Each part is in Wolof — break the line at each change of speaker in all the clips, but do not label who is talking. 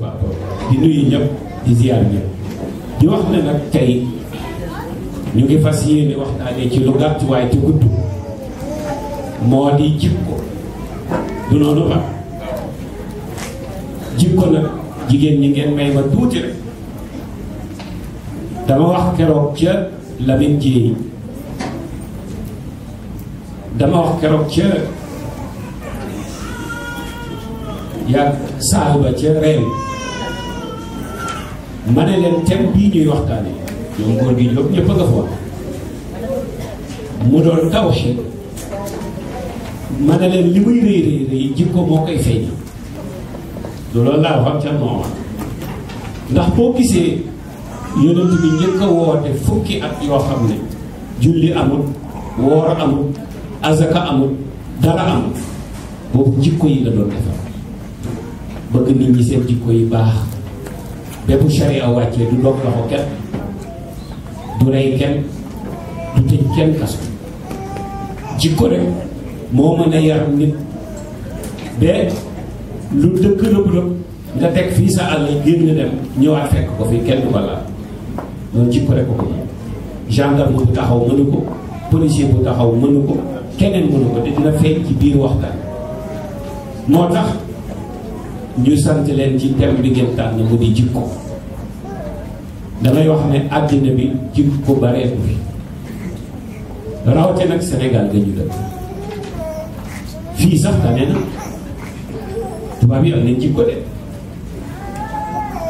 waaw di nuyu ñëpp di ziar ñëpp di wax ne nag tey ñu ngi fas yéene waxtaanee ci lu gàtt waaye te gudd moo di jikko du noonu ba jikko nag jigéen ñi ngeen may ma tuuti rek dama wax keroog ca Lamine Jéey dama wax keroog ca yàgg saal ca réew ma leen thème bii ñuy waxtaane ñoom góor ñëpp a nga foog mu doon tawxiid ma ne leen li muy rëy rëy rëy jikko moo koy feeñ loolu laa waxam ca moom ndax boo gisee yonent bi njëkk a woote fukki at yoo xam ne julli amul woor amul azaka amul dara amul boobu jikko yi la doon defar bëgg nit ñi seen jikko yi baax ba bu charia wàccee du doog loxo kenn du rey kenn du tëj kenn kaso jikko rek moo mën a yar nit ba lu dëkk lëb-lëb nga teg fii sa àll génn dem ñëwaat fekk ko fii kenn du ko laal loolu jikko rek ko ko gendarme bu taxaw mënu ko policier bu taxaw mënu ko keneen mënu ko te dina feeñ ci biir waxtaan moo tax ñu sant leen ci thème bi ngeen tànn mu di jikko damay wax ne àddina bi jikko bareetu bi rawate nag Sénégal ga ñu dëkk fii sax tane na tubaab yi am nañ jikko de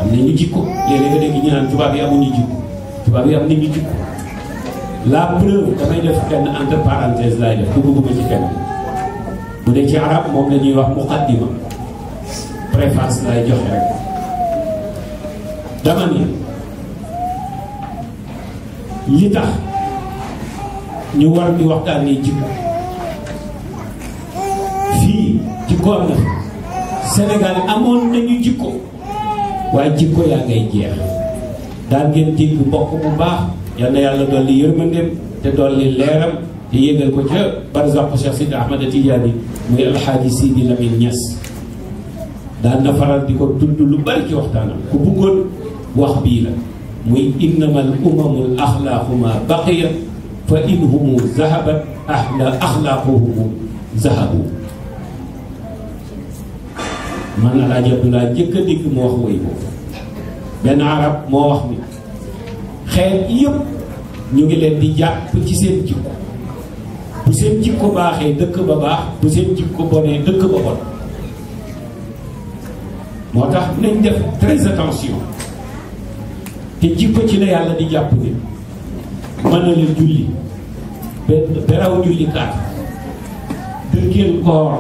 am nañu jikko léeg-léeg nga dégg ñu naan tubaab yi amuñu jikko tubaab yi la preuve damay def kenn entre parenthèse laay def ku bëgg ci kenn mu ne ci arab moom la ñuy wax muqaddima préface lay jox rek dama ni li tax ñu war waxtaan waxtaanee jikko fii jikko am na fi Sénégal amoon nañu jikko waaye jikko yaa ngay jeex daan ngeen dégg mbokk bu baax yal na yàlla dolli yërmandeem te dolli leeram te yéegal ko ca barzaq Cheikh Sidi Ahmad Tidiane muy alxaaji Sidi Lamine Niass daal na faral di ko tudd lu bari ci waxtaanam ku bëggoon wax bii la muy innamal umamul axlaaqu ma baqiya fa inhumu zahabat ahla axlaaquhumu zahabu man Alaaji Abdoulaye jëkk a dégg mu wax woy boobu benn arab moo wax ni xeet yëpp ñu ngi leen di jàpp ci seen jikko bu seen jikko baaxee dëkk ba baax bu seen jikko bonee dëkk ba bon moo tax nañ def très attention te jikko ci la yàlla di jàpp ni mën na la julli ba beraw julli kaat dëkkeel koor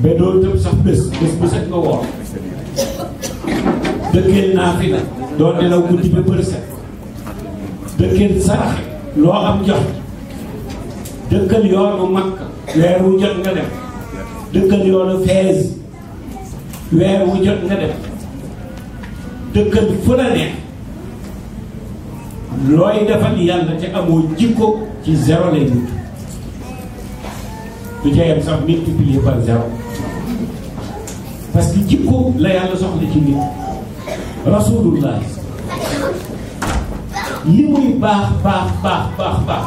ba doo tëb sax bés bés bu set nga woor dëkkeel naafila doo nelaw guddi ba bër set dëkkeel saraxe loo am jox dëkkal yoonu Makka weer wu jot nga def dëkkal yoonu Fees weer wu jot nga def dëkkal fu la neex looy defal yàlla te amoo jikko ci zéro lay wut du ca yem sax multiplier par zéro parce que jikko la yàlla soxla ci nit rasulullah li muy baax baax baax baax baax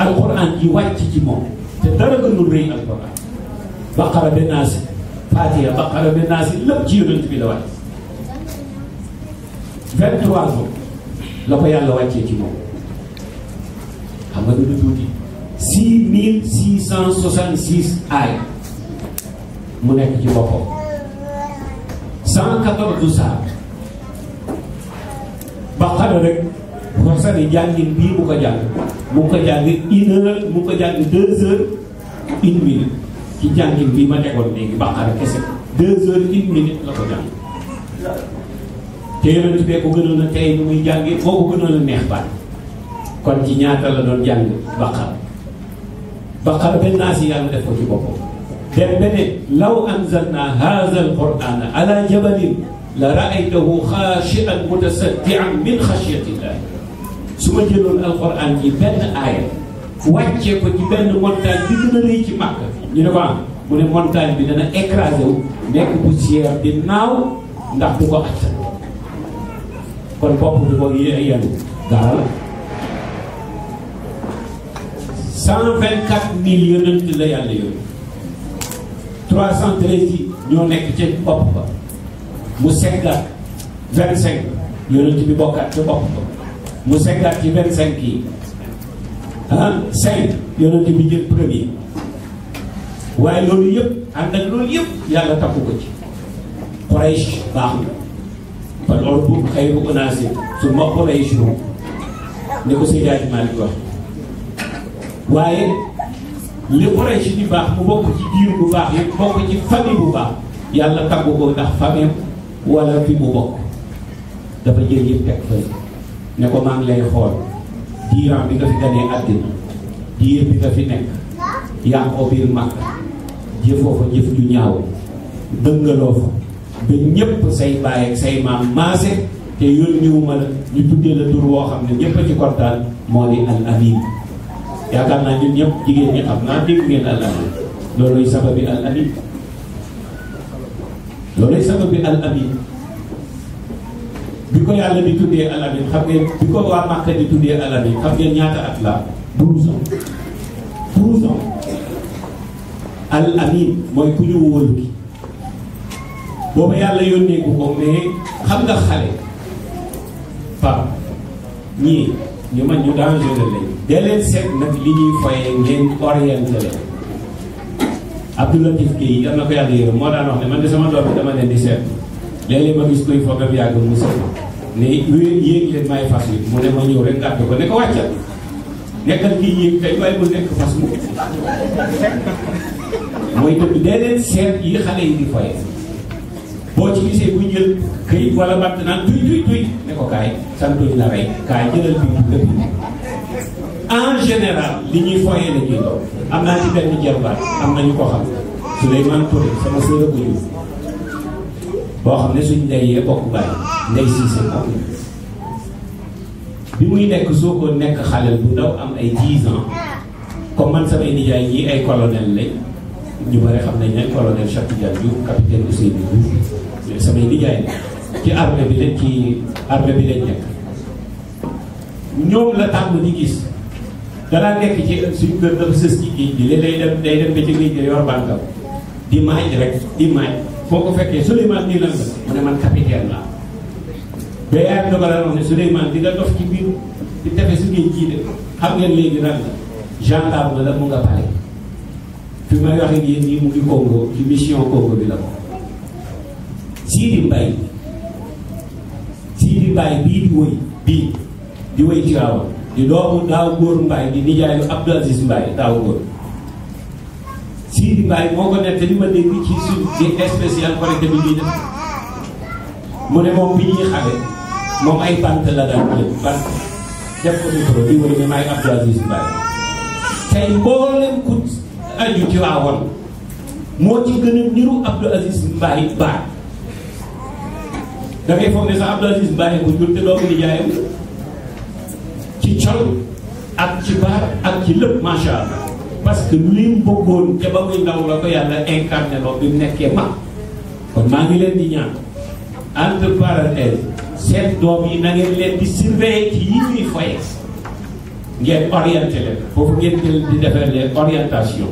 alquran ji wàcc ci moom te dara gënul rëy alquran baqara be naasi Faatiha Baqara bi Naas lépp ci yonent bi la wàcc 23 moom la ko yàlla wàccee ci moom xam nga dina tuuti 6666 aay mu nekk ci boppam 114 saar Baqara rek pour sani jàngin bii mu ko jàng mu ko jàng une mu ko jàng deux heures une ci jàngin bi ma tegoon léegi bàqara kese deux heures une minute la ko jàng te yonent bee ko gënoon a tey nu muy jàngi foo ko gënoon a neex baat kon ci ñaata la doon jàng bàqara bàqara benn naa si yàlla def ko ci boppam dem bene law anzalna haza alqurana ala jabalin la raaytahu xaashian mutasaddian min xashyatillah su ma jëloon alquran ci benn aaya wàccee ko ci benn montagne bi gën a rëy ci Makka ñu ne ko am ah, mu ne montagne bi dana écrasé wu nekk poussière di naaw ndax du ko attan kon bopp du ko yenu gaara la cent vingt quatre mille yonent la yàlla yooyu trois cent treize yi ñoo nekk ci bopp ba mu seggaat vingt cinq yonent bi bokkaat ci bopp ba mu seggaat ci vingt cinq yi ah cinq yonent bi jël premier waaye loolu yëpp ànd ak loolu yëpp yàlla takku ko ci Quraysh baax na par loolu bu xëy bu onacé su ma Quraysh moom ne ko Seydi Hadji Malick wax waaye li Quraysh di baax mu bokk ci biir bu baax yi bokk ci famille bu baax yàlla takku ko ndax famille wala fi mu bokk dafa jël yëpp teg fay ne ko maa ngi lay xool diiran bi nga fi ganee àddina diir bi nga fi nekk yaa ngi biir Makka jëfoo fa jëf ju ñaaw dëngaloo fa ba ñépp say bàyyi say maam maase te yónniwuma la ñu tuddee la tur woo xam ne ñépp a ci kontaan moo di al amin yaakaar naa ñëpp jigéen ñi am naa dégg ngeen al amin looluy sababi al amin looluy sababi al amin bi ko yàlla di bi ko waa Màkka di tuddee al amin xam ngeen ñaata at la douze ans douze ans al amin mooy ku ñu wóolu bi booba yàlla yónnee ko ko mais xam nga xale pam ñii ñu man ñu dangereux lañu dee leen seet nag li ñuy foyee ngeen orienté leen Abdoulatif Gueye yal na ko yàlla yërëm moo daan wax ne man de sama doom dama leen di seet léeg-léeg ma gis koy foogam yàgg mu seet ne yéeg leen may fas mu ne ma ñëw rek gàtt ko ne ko wàccal nekkal kii yéeg tey waaye mu nekk fas mu mooy dëgg dee leen seet yi xale yi di foye boo ci gisee bu jël këyit wala bant naan tuy tuy tuy ne ko la rey kaay jëlal bi lépp en général li ñuy foyee la ñuy doon am naa ci benn jarbaat am nañu ko xam Souleymane sama sœur bu boo xam ne suñ ndey yee bokk bàyyi ndey Cissé am bi muy nekk soo ko nekk xale bu ndaw am ay 10 comme man samay nijaay yi ay colonel lañ ñu bëri xam nañ ne colonel Cheikh Tidiane Diouf capitaine Ousseynou Diouf samay liggéey ci armée bi lañ ci armée bi lañ nekk ñoom la tàmm di gis danaa nekk ci suñu kër dafa sës ci géej gi léeg day dem ci géej gi yor bànkam di maaj rek di maaj foo ko fekkee Souleymane nii lan man capitaine laa ba yaay dogala wax ne Souleymane di nga dox ci biir di tefe su géej gii de xam ngeen léegi lan la gendarme la mu nga fi may wax ak yéen mu ngi Congo ci mission Congo bi la ko Sidi Mbaye Sidi Mbaye bii di woy bii di woy Tiwaawan di doomu daaw góor Mbaye di nijaayu Abdou Aziz Mbaye daaw góor Sidi Mbaye moo ko nekk li ma dégg ci suñ di spécial collecte bi ñuy def mu ne moom bi ñuy xale moom ay bant la daan jël bant def ko micro di woy ne maay Abdou Aziz Mbaye tey mboolem ku aju ci waawoon moo ci gën a niru Abdou Aziz Mbaye Ba da ngay foog sax Abdou Aziz Mbaye bu jur te doomu nijaayam ci col ak ci baar ak ci lépp macha allah parce que li mu bëggoon te ba muy ndaw la ko yàlla incarné loo bi nekkee mag kon maa ngi leen di ñaan entre parenthèse seen doom yi na ngeen leen di surveiller ci yi ñuy foye ngeen orienté foofu ngeen jël di defee les orientation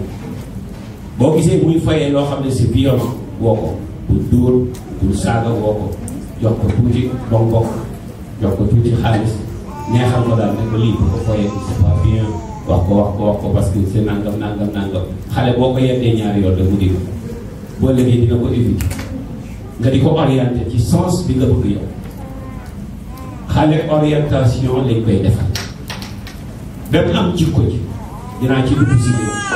boo gisee muy fayee loo xam ne si violent woo ko bul dóor bul saaga woo ko jox ko tuuti bongo jox ko tuuti xaalis neexal ko ne ko lii bu ko fayee c'est pas bien wax ko wax ko wax ko parce que c'est nangam nangam nangam xale boo ko yeddee ñaari yoon rek mu dégg boo léegi dina ko éviter nga di ko orienté ci sens bi nga bëgg yow xale orientation lañ koy defal benn am jikko ji dinaa ci dugg si biir.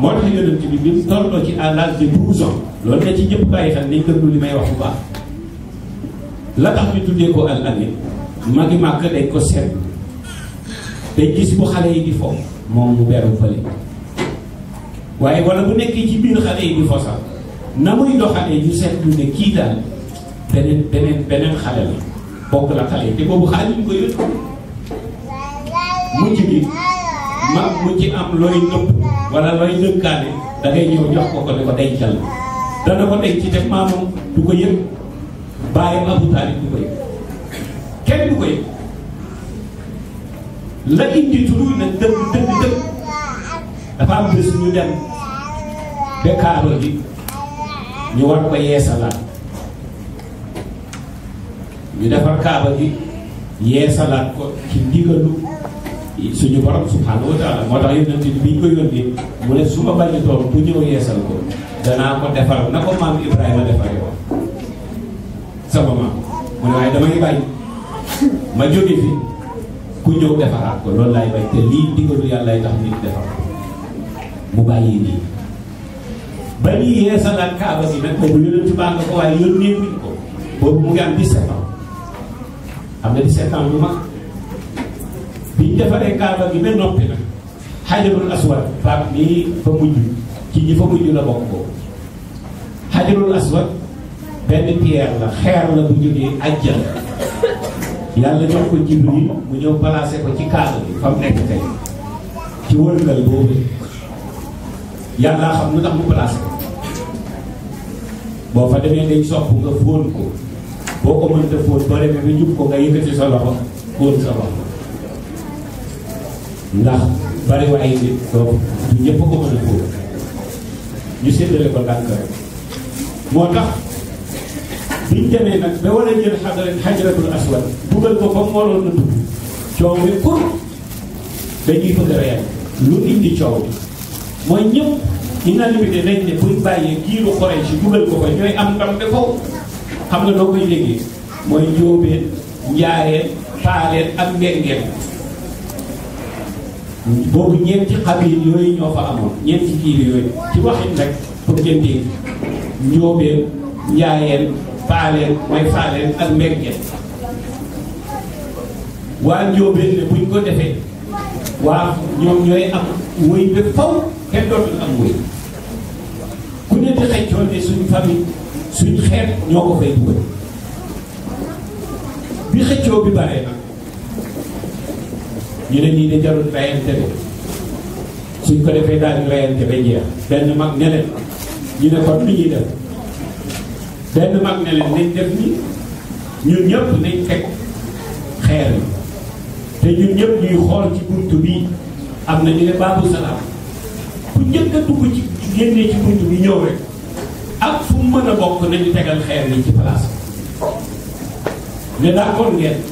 moo tax yonent bi bi mu tolloo ci à l'âge de 12 ans loolu na ci ñëpp bàyyi xel nañ déglu li may wax bu baax la tax ñu tuddee ko al amin magi màkk dañ ko seet day gis bu xale yi di fo moom bu beru fële waaye wala bu nekkee ci biir xale yi di fo sax na muy doxalee ñu seetlu ne kii daal beneen beneen beneen xale la bokk la xale yi te boobu xaalis ñu ko yónni
mujj bi. mag mu
ci am looy nëpp wala looy lëkkaale da ngay ñëw jox ko ko ne ko dencal dana ko denc te maamam du ko yëg bàyyam Abu Taalib du ko yëg kenn du ko yëg la indi tudd nag dafa am bés ñu dem bekkaaroo ji ñu war ko yeesalaat ñu defar kaaba gi yeesalaat ko ci ndigalu suñu borom subhanahu wa taala moo tax yonent bi ñu ko yónni mu ne su ma bañ a toog bu ñëw yeesal ko danaa ko defar na ko maam Ibrahima defaree woon sama maam mu ne waaye damay bañ ma jóge fi ku ñëw ko loolu laay bañ te lii ndigalu yàlla tax nit defar mu bàyyi nii ba ñuy yeesalaat kaaba gi nag boobu yonent ko waaye yónnee ko boobu mu ngi am 17 ans am na 17 ans lu bi ñu defaree kaaba gi ba noppi nag xajarul aswad faak nii fa mujj ci ñi fa mujj la bokk boobu xajarul aswad benn pierre la xeer la bu jógee àjjana yàlla jox ko Jibril mu ñëw placé ko ci kaaba bi fa mu nekk tey ci wërngal boobu yàlla xam lu tax mu placé ko boo fa demee dañ sopp nga fóon ko boo ko mënta fóon boo demee ba jub ko nga yëkkati sa loxo fóon sa ndax bari waaye nit donc du ñëpp ko mën a fóot ñu séddale ko ndànk moo tax ñu demee nag ba war a jël xadara xajaratul aswad dugal ko comme waroon na dugg coow bi pour dañuy bëgg a yàgg lu indi coow bi mooy ñëpp unanimité dañ ne buñ bàyyee giiru xoree dugal ko ko ñooy am ndam ba faw xam nga doo koy déggee mooy njóobeen njaareen paaleen ak ngengeen boobu ñeenti xabiil yooyu ñoo fa amoon ñeenti kii yooyu ci waxin rek pour ngeen dégg njóobeen njaayeen baaleen mooy faaleen ak mbeggeen waa njóobeen ne buñ ko defee waa ñoom ñooy am wëy ba faw kenn dootul am wëy ku ne di xëccoo ne suñ famille suñ xeet ñoo ko fay dugal bi xëccoo bi bare ñu ne nii da jarul rayante bi suñ ko defee daal di ba jeex benn mag ne ñu ne kon li benn mag ne leen nañ def ni ñëpp nañ teg xeer yi te ñun ñëpp ñuy xool ci buntu bi am na ñu ne baabu salaam ku njëkk a dugg ci génnee ci buntu bi ñëw rek ak fu mu mën a bokk nañu tegal xeer yi ci place ne d'accord ngeen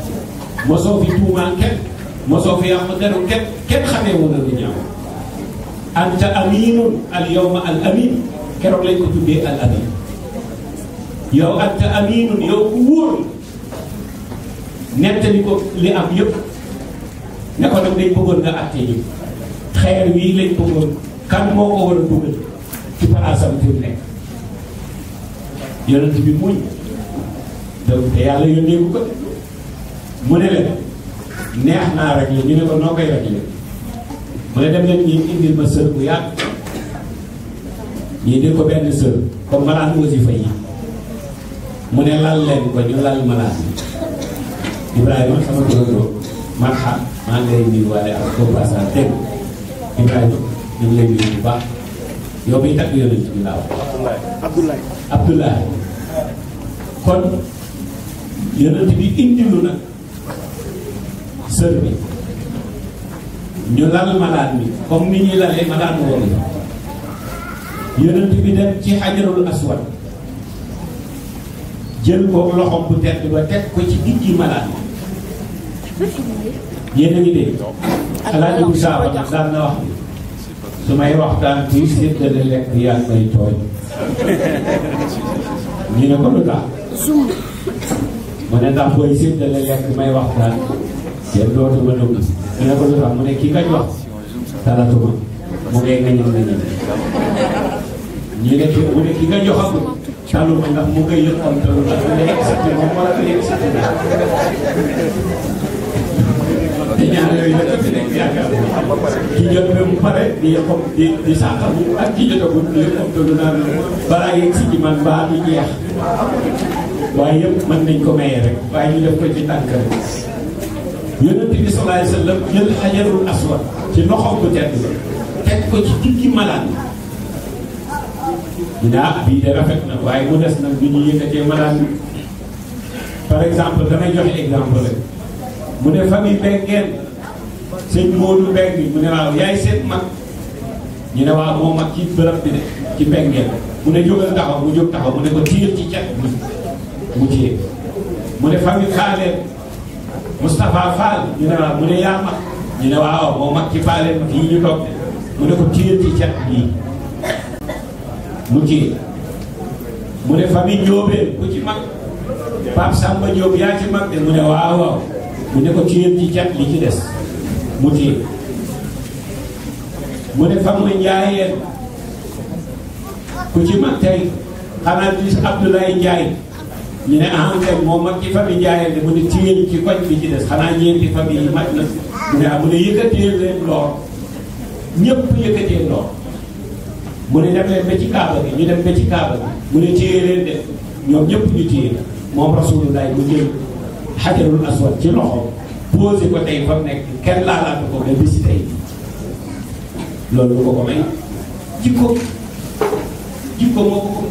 mosoo fi tuumaal kenn mosoo fi yàq deru kenn kenn xamee woon na lu ñaaw anta aminun al al amin keroog lañ ko tuddee al amin yow anta aminun yow ku wóor nettali ko li am yëpp ne ko nag dañ bëggoon nga xeer wii lañ bëggoon kan moo ko war a dugal ci palaasam fi mu nekk yonent bi muñ donc te yàlla yónneeku ko mu ne leen neex naa rek ñu ne ko noo koy rek mu ne dem leen ñu ma sër bu yàgg ñu indil ko benn sër comme malaan wasifa yi mu ne lal leen ko ñu lal malaan yi Ibrahima sama turandoo man xam maa ngi lay nuyuwaale ak kaw Fassane teg Ibrahima ñu ngi lay nuyu bu baax yow miy takk yonent bi laa wax. Abdoulaye Abdoulaye kon yonent bi indilu nag. sër bi ñu lal malaat bi comme ni ñuy lalee malaat woon yonent bi dem ci xajarul aswad jël ko loxo bu tedd ba teg ko ci diggi malaat bi yéen a ngi dégg alaaji bu saaba daan na wax su may waxtaan kuy séddale lekk yaa may tooñ ñu ne ko lu tax mu ne ndax booy séddale lekk may waxtaan kenn dootuma dugg ñu ne ko lu tax mu ne kii kañ wax talatuma mu ne ngañam ngañam ñu ne kii mu ne kii kañ joxam taluma ndax mu koy yëkkam talu ndax mu ne excité moom wala ko excité te ñaar yooyu dafa fi nekk yaakaar ki jot ba mu pare di yëkkam di di sàqamu ak ki jotagul di yëkkam talu naan balaa yegg si ci man baa di jeex waaye yëpp mën nañ ko maye rek waaye ñu def ko ci tànk yonent bi sallallahu alayhi wa sallam jël xajarul aswad ci loxo bu tedd teg ko ci tukki malaan bi dinaa bii de rafet na waaye mu des nag du ñu yëkkatee malaan bi par exemple damay joxe exemple rek mu ne famille beeg ngeen sëñ Modou beeg bi mu ne waaw yaay seet mag ñu ne waaw moo mag ci bërëb bi de ci beeg ngeen mu ne jógal taxaw mu jóg taxaw mu ne ko tiir ci cat bi mu téye mu ne famille xaaree. Moustapha Fall ñu ne waaw mu ne yaa mag ñu ne waaw moo mag ci Paale mag yi ñu toog mu ko téye ci cat bii mu mu ne famille Ndiobé ku ci yaa ci mag de waaw waaw mu ne ko téye ci cat ci des mu téye mu ne famille ku ci mag tey xanaa gis Abdoulaye Ndiaye. ñu ne ah léegi moom mag ci famille Ndiaye de mu ne tiwéen ci koñ bi ci des xanaa ñeenti famille yi mag na mu ne ah mu ne yëkkatee leen lool ñëpp yëkkatee lool. mu ne dem leen ba ci kaaba bi ñu dem ba ci kaaba bi mu ne téye leen de ñoom ñëpp ñu téye moom rasulullah mu jël xajarul aswad ci loxo posé ko tey fa nekk kenn laalaatu ko ba bis tey loolu lu ko ko may jikko jikko moo ko ko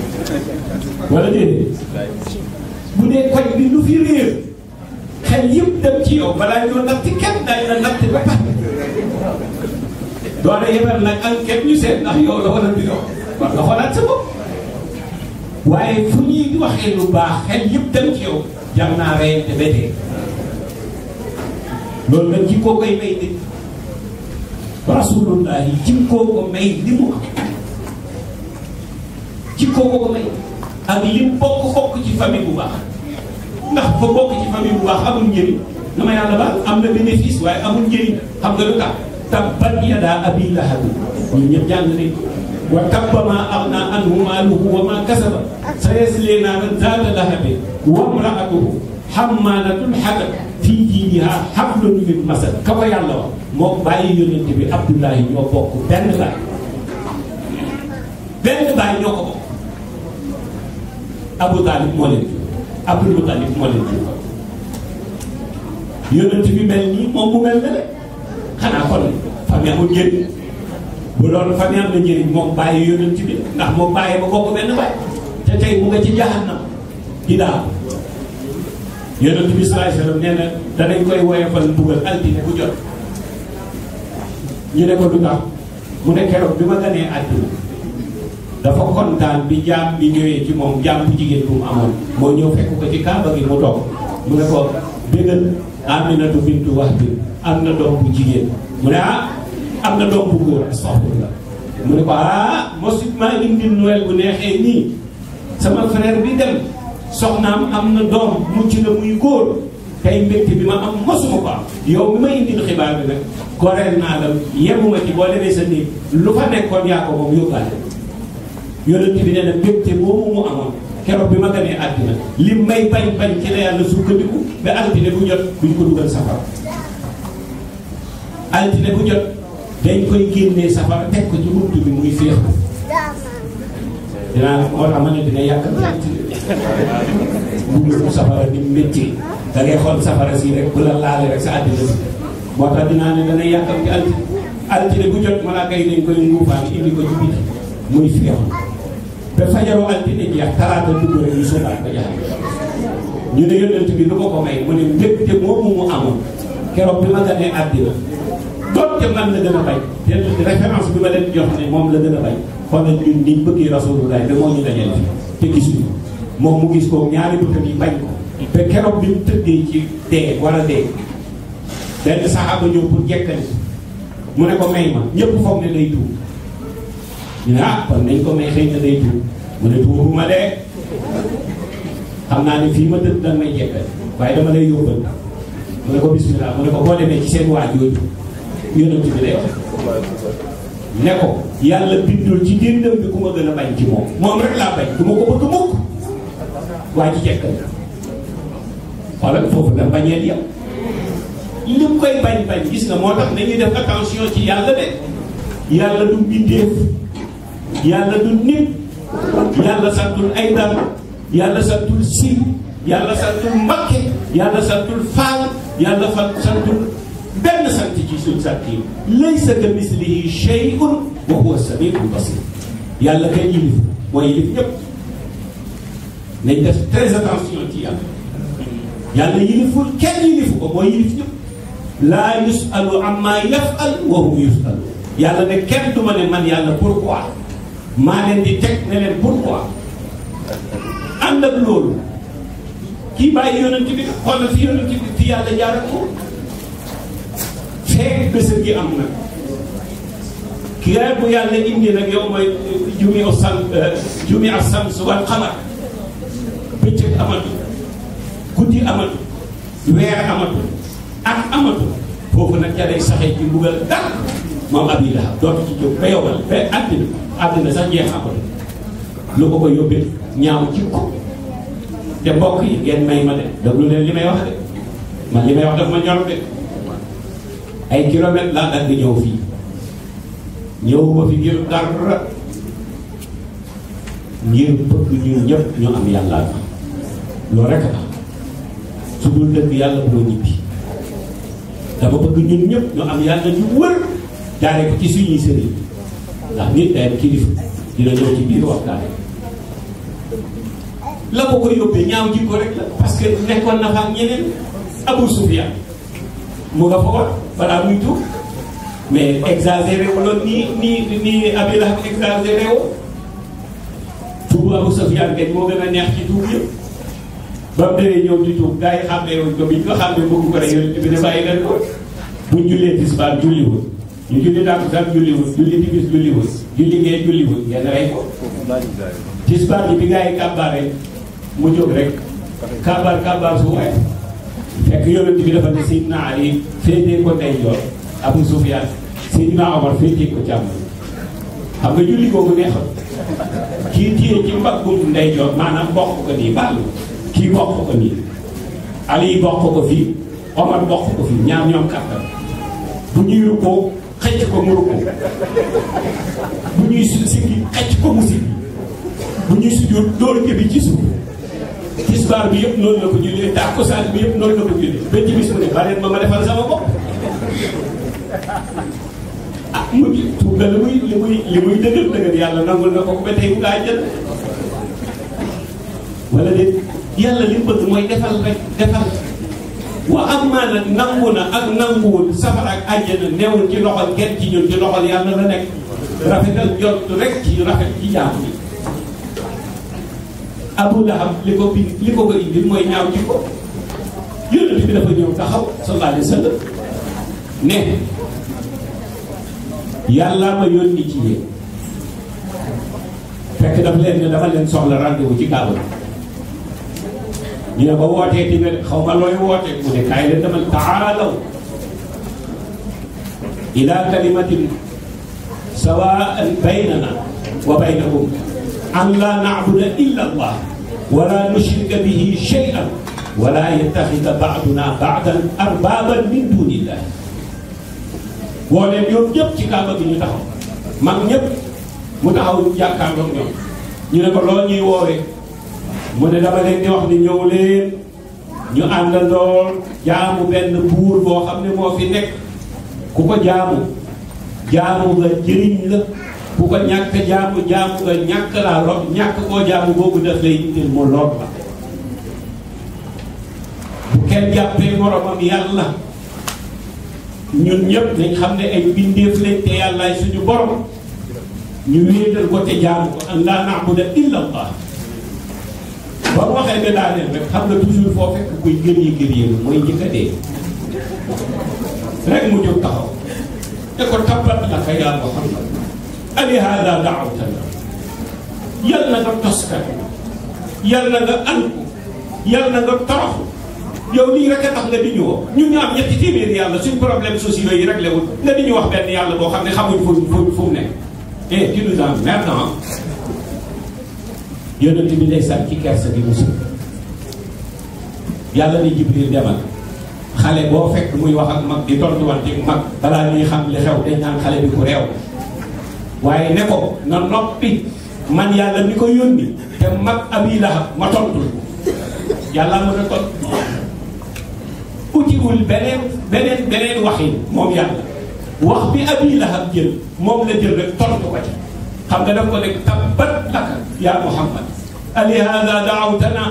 wala déedéet bu dee koñ bi lu fi réer xel yëpp dem ci yow balaa ñoo natt kenn daañu la natt ba pare. doole yebal nag fu ñuy waxee yëpp dem ci yow jar loolu nag jikkoo koy may nit rasulullahi jikkoo ko may li mu jikkoo ko ko may ak lim bokk bokk ci famille bu baax ndax fa bokk ci famille bu baax amul njëriñ na ma yàlla baal am na bénéfice waaye amul njëriñ xam nga lu tax tabbat yadaa abii lahab ñun ñëpp jàng nañ wa tabba maa aghnaa anhu maaluhu wa maa kasaba sayaslaa naaran zaata lahabin wa imra'atuhu hammaalatal hatab fii jiidihaa hablun min masad ka ko yàlla wax moo bàyyi yonent bi Abdullahi ñoo bokk benn baay benn baay ñoo ko Abu Talib moo leen Abdul Mutalib moo leen ji yonent bi mel nii moom mu mel ne rek xanaa kon famille amul njëriñ bu loolu famille am na njëriñ moom bàyyi yonent bi ndax moom bàyyi ba kooku benn bàyyi te tey mu nga ci jahannam di daal yonent bi sallallahu alayhi wasallam nee danañ koy woyofal mbugal altine bu jot ñu ne ko du tax mu ne keroog bi ma ganee àdduna dafa kontaan bi jaam bi ñëwee ci moom jaam bu jigéen bu mu amoon moo ñëw fekk ko ci kaaba gi mu toog mu ne ko bégal Aminatu bintu am na doom bu jigéen mu ne ah, na doom bu góor astaghfirullah mu ne ko ah mosit maa indi Noël bu neexee nii sama frère bi dem soxnaam am na doom mucc na muy góor tey mbégte bi ma am mosuma ko yow mi ma indil xibaar bi nag goreel naa la yemuma ci boo demee sa néeg lu fa nekkoon yaa ko moom yóbbaale yonent bi nee na mbégte moomu mu amoon keroog bi ma ganee àddina li may bañ bañ ci la yàlla ba altine bu jot duñ ko dugal safara altine bu jot dañ koy génnee safara teg ko ci buntu bi muy féex ko dinaa moo tax ma ne dina safara ni métti da xool safara si rek bu la laale rek sa àddina si moo tax dinaa ne dana yàqam ci altine bu jot malaaka yi dañ koy nguufaan indi ko ci biti muy féexlu ba fajaroo altine jeex talaata dugg rek ñu suubaat ba jaxal ñu ne yonent bi lu ko ko may mu ne te moomu mu amoon keroog bi ma ganee àddina donte man la gën a bay te référence bi ma leen jox ne moom la gën a bay xoolal ñun niñ bëggee rasulullah ba moo ñu dajale te mu gis ko ñaari bëtam yi bañ ko te keroog bi mu ci dee war a dee benn saxaaba ñëw pour jekkani mu ne ko may ma ñëpp foog ne day tuub ñu ne ah, kon nañ ko may xëy na day tuub mu ne tuubuma de xam naa ne fii ma tëdd danga may jekkal waaye dama lay yóbbal mu ne ko bismillah mu ne ko boo demee ci seen waa jooju yonent wax ne ko yàlla bindul ci dëndam bi ku ma gën a bañ ci moom moom rek laa bañ du ma ko bëgg mukk waa ji jekkal xoolal foofu la bañeel yam li koy bañ bañ gis na moo tax nañuy def attention ci yàlla de yàlla du bindeef yàlla du nit yàlla santul ay dal yàlla santul si yàlla santul mbakke yàlla santul faal yàlla santul benn sant ci suñ sant yi laysa ka mislihi shay'un wa huwa samiul basir yàlla kay yilif mooy yilif ñëpp nañ def très attention ci yàlla yàlla yiliful kenn yilifu ko mooy yilif ñëpp laa yusalu amma yafal wa hum yusalu yàlla ne kenn du ma ne man yàlla pourquoi maa leen di teg ne leen pourquoi ànd ak loolu kii bàyyi yonent bi xoolal fi yonent bi fi yàlla jaaral ko feeg bésër gi am na ki yaay bu yàlla indi nag yow mooy jumi ak sam euh, jumi ak sam su wal xamar bëccëg amatu guddi amatu weer amatu ak amatu foofu nag jaray saxee ci mbugal dara moom Abi Lahab dootu ci jóg ba yowal ba àddina àddina sax jeexaa ko lu ko ko yóbbee ñaaw ci ko te mbokk yi ngeen may ma de déglu leen li may wax de man li may wax daf ma ñor de ay kilomètres laa dagg ñëw fii ngir dara ngir bëgg ñu am yàlla la loolu rek tax su dul dëgg yàlla bu ñibbi dama bëgg ñun ñëpp ñu am yàlla ñu wër jaaree ci suñuy sëriñ ndax nit day am dina ñëw ci biir waxtaan la ko ko yóbbee ñaaw jikko rek la parce que nekkoon na fa ak ñeneen Abu Sufyaan mu nga fa war balaa muy tuub mais exagéré loolu nii nii nii Abi Lahab exagéré wu tuubu Abu Sufyaan kenn moo gën a neex ci tuub yëpp ba mu ñëw di tuub gars yi xàmmee wuñ ko xàmmee bëgg ko rek yonent bi ne bàyyi jullee tisbaar julliwul ñu julli tàkkusaan julliwut julli timis julliwut julli gee ngeen rey ko tisbaar bi bi gaa yi kàbbaare mu jóg rek kàbbaar kàbbaar su waay fekk yonent bi dafa ne Seydina Ali féetee ko ndeyjoor Abu Sufyaan Seydina Omar féetee ko càmmoñ xam nga julli kooku neexal kii téye ci mbaggum ndeyjoor maanaam bokk ko nii baalu kii bokk ko nii Ali bokk ko fii Omar bokk ko fii ñaar ñoom kàttan bu ñuy xëcc ko mu rukkoo bu ñuy su siggi xëcc ko mu siggi bu ñuy sujjóot dóor bi ci suuf tisbaar bi yëpp noonu la ko jullee tàkkusaan bi yëpp noonu la ko jullee ba ci bis mu ne baleen ma ma defal sama bopp ah mu tuub la li li muy li muy dëgër dëgër yàlla nangul na ko ko ba tey mu gaa jël wala déet yàlla li mu mooy defal rek defal wa amma nag nangu na ak nanguwul safara ak àjjana neewul ci loxol kenn ci ñun ci loxol la nekk rafetal jot rek ci rafet ci jaam bi Abu Lahab li ko bi li ko ko indil mooy ñaaw ci ko yonent bi dafa ñëw taxaw sallallahu alayhi wa ne yàlla ma yónni ci yéen fekk daf leen ne dama leen soxla rendez-vous ci ñu ne ko wootee di nga xaw ma looy wootee mu ne kaay leen demal taalaw ila kalimatin sawaan baynana wa baynakum an laa na'buda illa allah wala nushrika bihi shay'an wala yattaxida baaduna baadan arbaaban min dunillah woo leen ñoom ñëpp ci kaaba bi ñu taxaw mag ñëpp mu taxaw jàkkaarloog ñoom ñu ne ko loolu ñuy woowee mu ne dama leen di wax ni ñëw leen ñu àndandoo jaamu benn buur boo xam ne moo fi nekk ku ko jaamu jaamu nga jëriñ la ku ko ñàkk jaamu jaamu nga ñàkk laa lor ñàkk koo jaamu boobu daf la xam ne ay lañ te yàllaay suñu borom ñu wéetal ko te jaamu ko an laa naabuda illa allah ba mu waxee ne daaneel rek xam nga toujours foo fekk kuy gërye gërye mooy njëkk a dee rek mu jóg taxaw te ko tabbat laka yaa Muhammad ali hada daawtana yal na nga toskan yal na nga alku yal na nga toroxu yow lii rek a tax nga di ñu woo ñun ñu am ñetti téeméeri yàlla suñ problème sociaux yi réglé wul nga di ñu wax benn yàlla boo xam ne xamuñ fu fu fu mu nekk eh tu nous emmerdes yonent bi ndeysaan ci kersa gi musul yàlla ni jibril demal xale boo fekk muy wax ak mag di tontuwante mag balaa ñuy xam li xew dañ naan xale bi ku réew waaye ne ko na noppi man yàlla mi ko yónni te mag abi lahab ma tontul yàlla mën a tontu utiwul beneen beneen beneen waxin moom yàlla wax bi abi lahab jël moom la jël rek tontu ko ci xam nga daf ko nekk tabbat laka yaa Muhammad alihada daawtana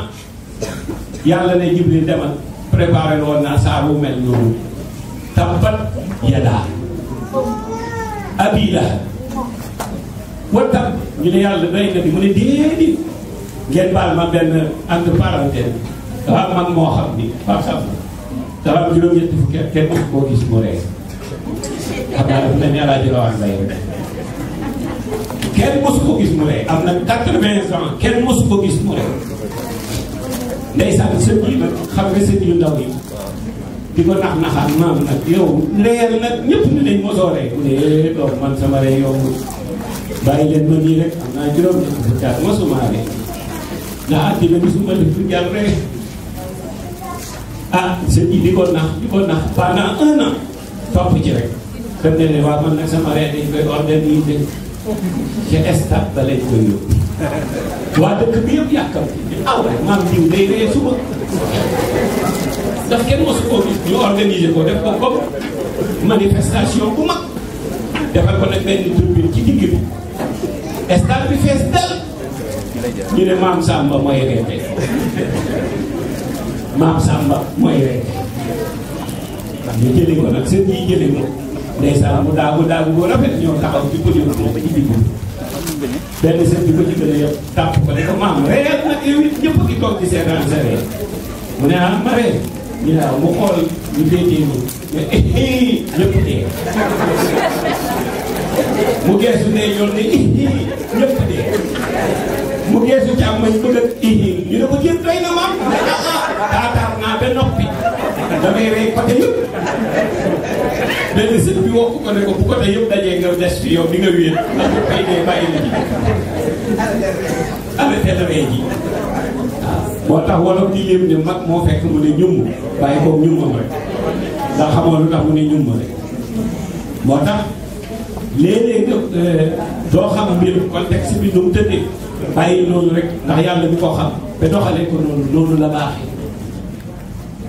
yàlla ne Jibril demal préparé woon naa saar mel noonu tabbat yadaa abi lahab wa ñu ne yàlla doy na bi mu ne déedéet ngeen baal ma benn entre parenthèse dafa mag moo xam ni par exemple dafa am juróom-ñetti fukki kenn koo gis mu rees xam naa dafa mel ni El Hadj kenn mosu ko gis mu rey am na quatre-vingts ans kenn mosu ko gis mu rey ndeysaan sët yi nag xam nga sët ndaw yi di ko nax naxaan maam nag yow reyal nag ñëpp ne nañ mosoo rey mu ne eh, doom man sama rey yow bàyyi leen ma nii rek am naa juróom ñetti fukki at mosuma rey ndax àddina mosuma def lu jàll rey ah sët yi ko nax di ko nax pendant un an ci rek dem ne ne waaw man nag sama rey dañ koy organiser ci stade ba lañ koy yóbbu waa dëkk bi yëpp yàkkam bi aw maam diw day ree suba ndax kenn mosu koo gis ñu ko def ko comme manifestation bu mag defal ko nag benn tribune ci digg bi stade bi fees dal ñu ne maam Samba mooy reete maam Samba mooy reete ndax ñu ko nag seen yi jëlee ko ndeysaan mu daagu daagu bu rafet ñëw taxaw ci pël yi ci digg benn sëñ bi ko ci gën a yëpp tàpp ko ne ko maam reer nag yow it ñëpp ki toog di seetaan sa reer mu ne ah ma reer ñu ne ah, mu xool ñu déetee ñu ne eh, eh ñëpp dee mu geesu ne yoon ne ihi eh, eh, ñëpp dee mu geesu ci am mañ bëgg ak ihi ñu ne ko jël doy na maam ne ah ah daa taar naa ba noppi damay rey côté yëpp benn sët bi wax ko ne ko bu ko tey yëpp dajee nga des fi yow bi nga wéet ndax bu koy bàyyi la ji. ala teel a rey ji. moo tax wolof di léem ne mag moo fekk mu ne ñum waaye kooku ñummam rek ndax xamoo lu tax mu ne ñum rek moo tax léeg-léeg euh, doo xam mbir contexte bi nu mu tëddee bàyyi loolu rek ndax yàlla bi ko xam ba doxalee ko noonu loolu la baaxee.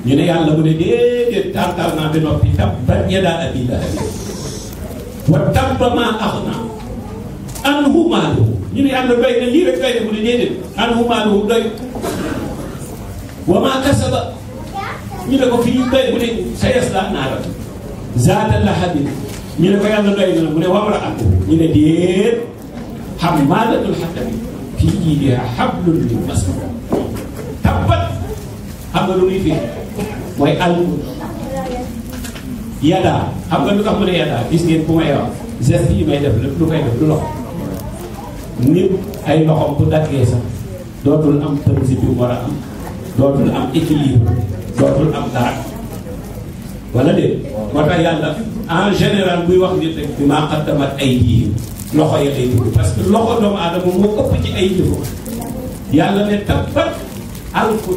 ñu ne yàlla mu ne déedéet tàntaar naa ba noppi tabbat yadaa abii lahabin wa tabba maa aghnaa anhu maaluhu ñu ne yàlla doy lii rek doy mu ne déedéet anhu maaluhu doy wa maa kasaba ñu ko fii doy mu ne sayaslaa naaran zaata lahabin ñu ne ko yàlla doy mu ne wa imra'atuhu ñu ne déet hammaalatul hatab fii jiidihaa hablum min masad tabbat xam nga lu mooy al yadaa xam nga lu tax mu ne yadaa gis ngeen bu may wax geste yi may def lu koy def du loxo nit ay loxom bu daggee sax dootul am tënsi bi de moo tax yàlla en général buy wax nit rek bi maa xaddamat ay jiim loxo ya ay dugg parce que loxo doomu aadama moo ëpp ci ay jëfoo yàlla ne tabbat alku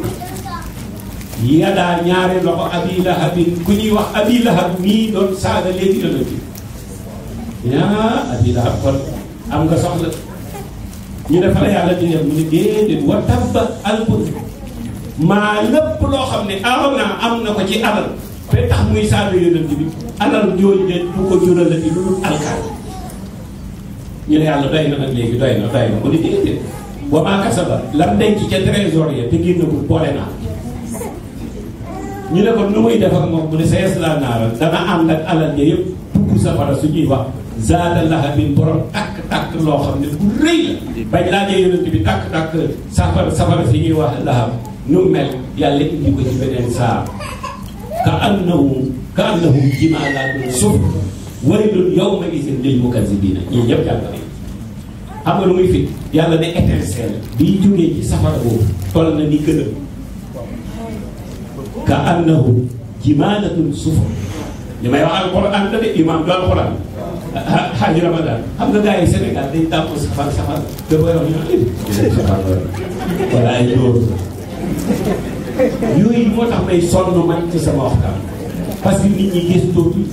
yadaa ñaari loxo abi lahabin ku ñuy wax abi lahab mii doon saaga léegi yonent bi yaa abi lahab kon am nga soxla ñu ne yàlla ñu ne mu ne déedéet wa tabba alpun maa lépp loo xam ne aroon naa am na ko ci alal ba tax muy saaga yonent bi alal jooju de du ko juralati lu dul alkaal ñu ne yàlla doy na nag léegi doy na doy na mu ne déedéet wa maa kasaba lam denc ca trésor ya te génn ko boole naa ñu ne nu muy def ak moom mu ne sa yeslaa naara dana ànd ak alal ja yëpp safara su wax zaada lahabin borom takk-takk loo xam ne bu rëy la bañ laajee yonent bi takk-takk safara si ñuy wax lahab nu mel yàlla indi ko ci beneen saar ka annahu ka annahu jimaalaatun sufr waylun yawma izin lil mukazzibiina ñii ñëpp jàng nañ xam nga lu muy fit yàlla ne étincelle biy jógee ci safara boobu toll na ni gën ka annahu jimalatun sufur li may wax alquran la de imam du alquran xaaji ramadan xam nga gars yi Sénégal dañ tàmm safar safar da koy wax ñu safar wala ay jóor yooyu moo tax may sonn man ci sama waxtaan parce que nit ñi gëstootuñ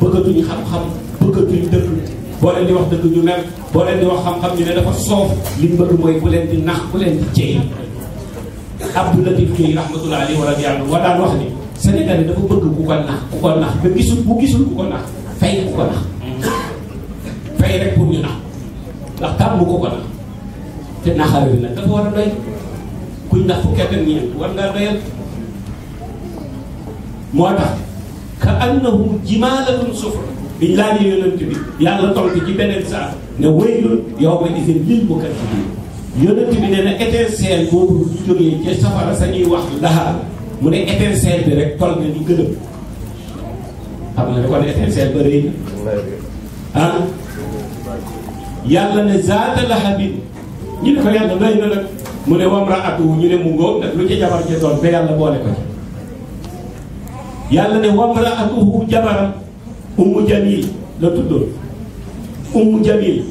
bëggatuñ xam-xam bëggatuñ dëkk boo leen di wax dëgg ñu mer boo leen di wax xam-xam ñu ne dafa soof li mu bëgg mooy ku leen di nax ku leen di jeey Abdou Latif Gueye rahmatulah alayhi wa radiya anhu daan wax ni Sénégal dafa bëgg ku ko nax ku ko nax ba gisul bu ko nax fay ku ko nax fay rek pour ñu nax ndax tàmm ko ko nax te naxare bi nag dafa war a doy kuñ nax fukki at ak ñeent war ngaa doyal moo tax ka annahum jimaalatun sufra biñ laajee yonent bi yàlla tontu ci beneen saa ne wéyul yow ma isin lil mukazzibiin yonent bi nee na étincelle boobu ñu jógee ca safara sañuy wax daxaar mu ne étincelle bi rek tol na ni xam nga ne kon étincelle ba
rëy na
ah yàlla ne zaata lahabin ñu ne ko yàlla doy na nag mu ne wam raatu ñu ne mu ngóob nag lu ca jabar ca doon ba yàlla boole ko ci yàlla ne wam raatuhu jabaram ummu jamil la tuddoon ummu jamil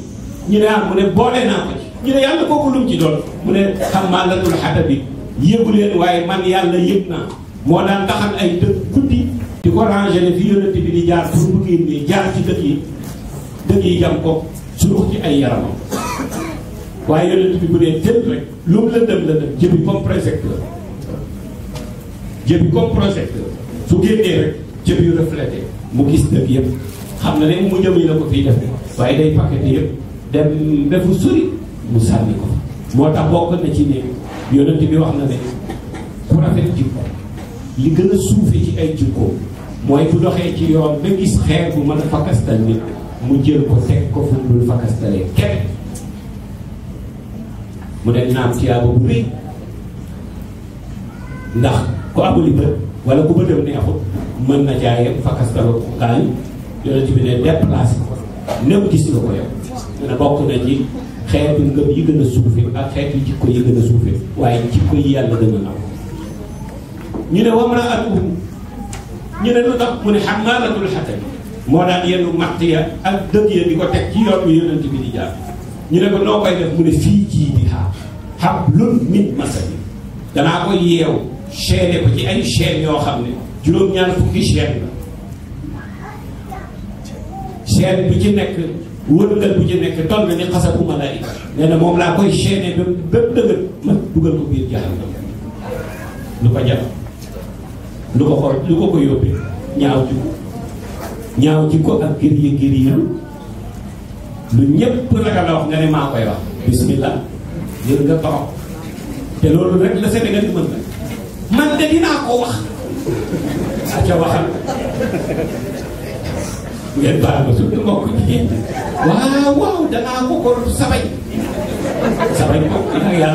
ñu ne ah mu ne boole naa ko ñu ne yàlla kooku lu ci doon mu ne xam maa xata bi yëgu leen waaye man yàlla yëg naa moo daan taxal ay dëkk guddi di ko rangé fi yonent bi di jaar pour mu génnee jaar ci dëkk yi dëkk jam ko surux ay yaramam waaye yonent bi bu dee tëdd rek lu mu lëndëm lëndëm jëbi comme projecteur jëbi comme projecteur su génnee rek jëb yu reflété mu gis dëkk yëpp xam na ne mu jëm yi la ko fii def waaye day paqueté yëpp dem defu sori mu sànni ko moo tax bokk na ci ne yonent bi wax na ne ku rafet jikko li gën a suufe ci ay jikko mooy bu doxee ci yoon ba gis xeer bu mën a fakastal nit mu jël ko teg ko fu mu dul fakastalee kenn mu ne dina am tiyaaba bu rëy ndax ku amul bët wala ku bëtam neexul mën na jaayam fakastaloo ko gaañ yonent bi ne déplacé ko néew gis nga ko yow. dina bokk na ci xeetu ngëm yi gën a suufe ak xeetu jikko yi gën a suufe waaye jikko yi yàlla gën a naw ñu ne wam na at um ñu ne lu tax mu ne xamaalatul xatab moo daan yenn matt ya ak dëgg ya di ko teg ci yoon wi yonent bi di jaar ñu ne ko noo koy def mu ne fii jii di xaar xablun min masadi danaa ko yeew chaîné ko ci ay chaîne yoo xam ne juróom-ñaar fukki chaîne la chaîne bi ci nekk wërngal bu ci nekk toll na ni xasabu malaayika nee moom laa koy chaîné ba bépp dëgër ma dugal ko biir jahannam lu ko jàpp lu ko xool lu ko ko yóbbee ñaaw jikko ñaaw jikko ak gërye gërye lu ñépp ragal la wax nga ne maa koy wax bismillah jël nga torop te loolu rek la Sénégal di mën na man de dinaa ko wax aca waxal ngeen baal ma suñu mbokku jigéen waaw waaw danaa ko sabay sabay mbokk yi ak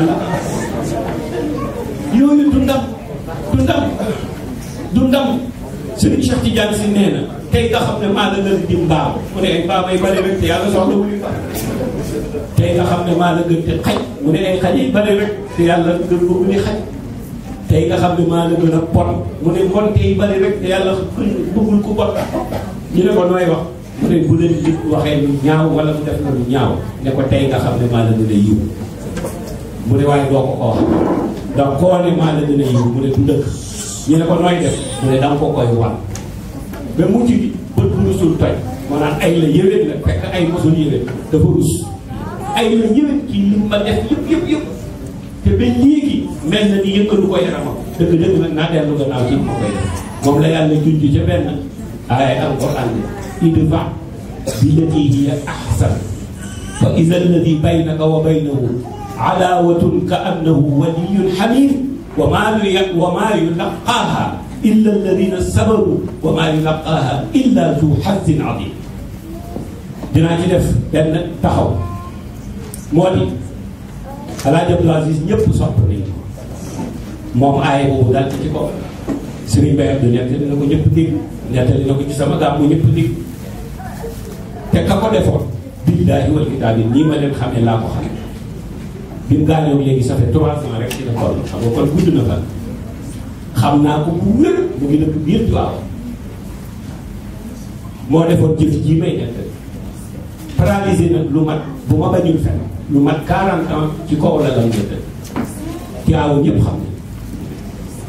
yooyu du ndam du ndam du ndam Serigne si nee tey nga xam ne maa la gën di mbaam mu ne ay mbaam ay bare rek te yàlla soxla wu ñu
fa tey nga
xam ne maa la gën di yàlla gën nga gën a bon mu ne mbonte bare rek te yàlla bëggul ko bon ñu ne ko nooy wax mu ne bu la nit waxee lu ñaaw wala mu def na lu ñaaw ne ko tey nga xam ne maa la gën a yiw mu ne waaye doo ko ko wax donc koo ne maa la gën a yiw mu ne du dëkk ñu ne ko nooy def mu ne danga ko koy wan ba mujj bi bët bu rusul toj maanaam ay la yëwét la fekk ay mosul yëwét dafa rus ay la yëwét ci li ma def yëpp yëpp yëpp te ba léegi mel na ni yëkkalu ko yaramam dëgg dëgg nag naa dellu gannaaw ci ma koy def moom la yàlla junj ca benn aaya alquran idfa billatii hiya ahsan fa iza alladi baynaka wa baynahu adaawatun ka annahu waliyyun hamim wa maa yulaqqaaha illa alladina sabaru wa maa yulaqqaaha illa du xazzin adim dinaa ci def benn taxaw moo di Alaaji Abdul Aziz ñëpp sopp nañu ko moom aaya boobu daal ci kaw Serigne Baye Abdou nekk dina ko ñëpp dégg nettali na ko ci sama gàmmu ñëpp dig te ka ko defoon billaahi wal kitaabi nii ma leen xamee laa ko xamee bi mu gaañoo léegi ça trois ans rek ci la toll xam nga kon gudd na fa xam naa ko bu wér mu ngi dëkk biir Tiwaawan moo defoon jëf jii may nettali paralysé nag lu mat bu ma bañul fen lu mat 40 ci kaw la lan jënd Tiwaawan ñëpp xam ne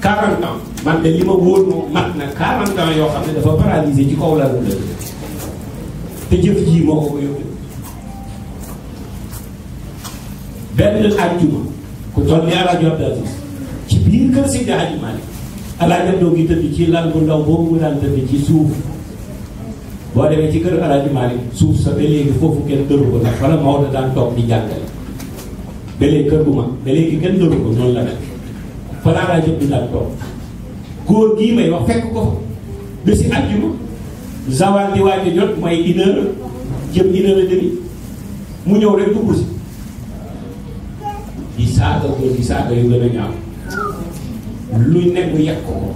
40 man de li ma wóor moom mat na 40 ans yoo xam ne dafa paralysé ci kaw lalu la te jëf jii moo ko ko yóbbu benn àjjuma ku toll ni Alaaji Abdou Aziz ci biir kër Seydi Hadji Malick Alaaji Abdou ngi tëdd ci lal bu ndaw boobu mu daan tëdd ci suuf boo demee ci kër Alaaji Malick suuf sa ba léegi foofu kenn dëru ko ndax wala Maodo daan toog di jàngale ba léegi kër bu mag ba kenn dëru ko noonu la mel fa la Alaaji Abdou daan toog góor gii may wax fekk ko fa ba si àjjuma di waaj a jot may une heure jëm une mu ñëw rek dugg si di saaga góor gi saaga yu gën a ñaaw luñ nekk yàq ko ko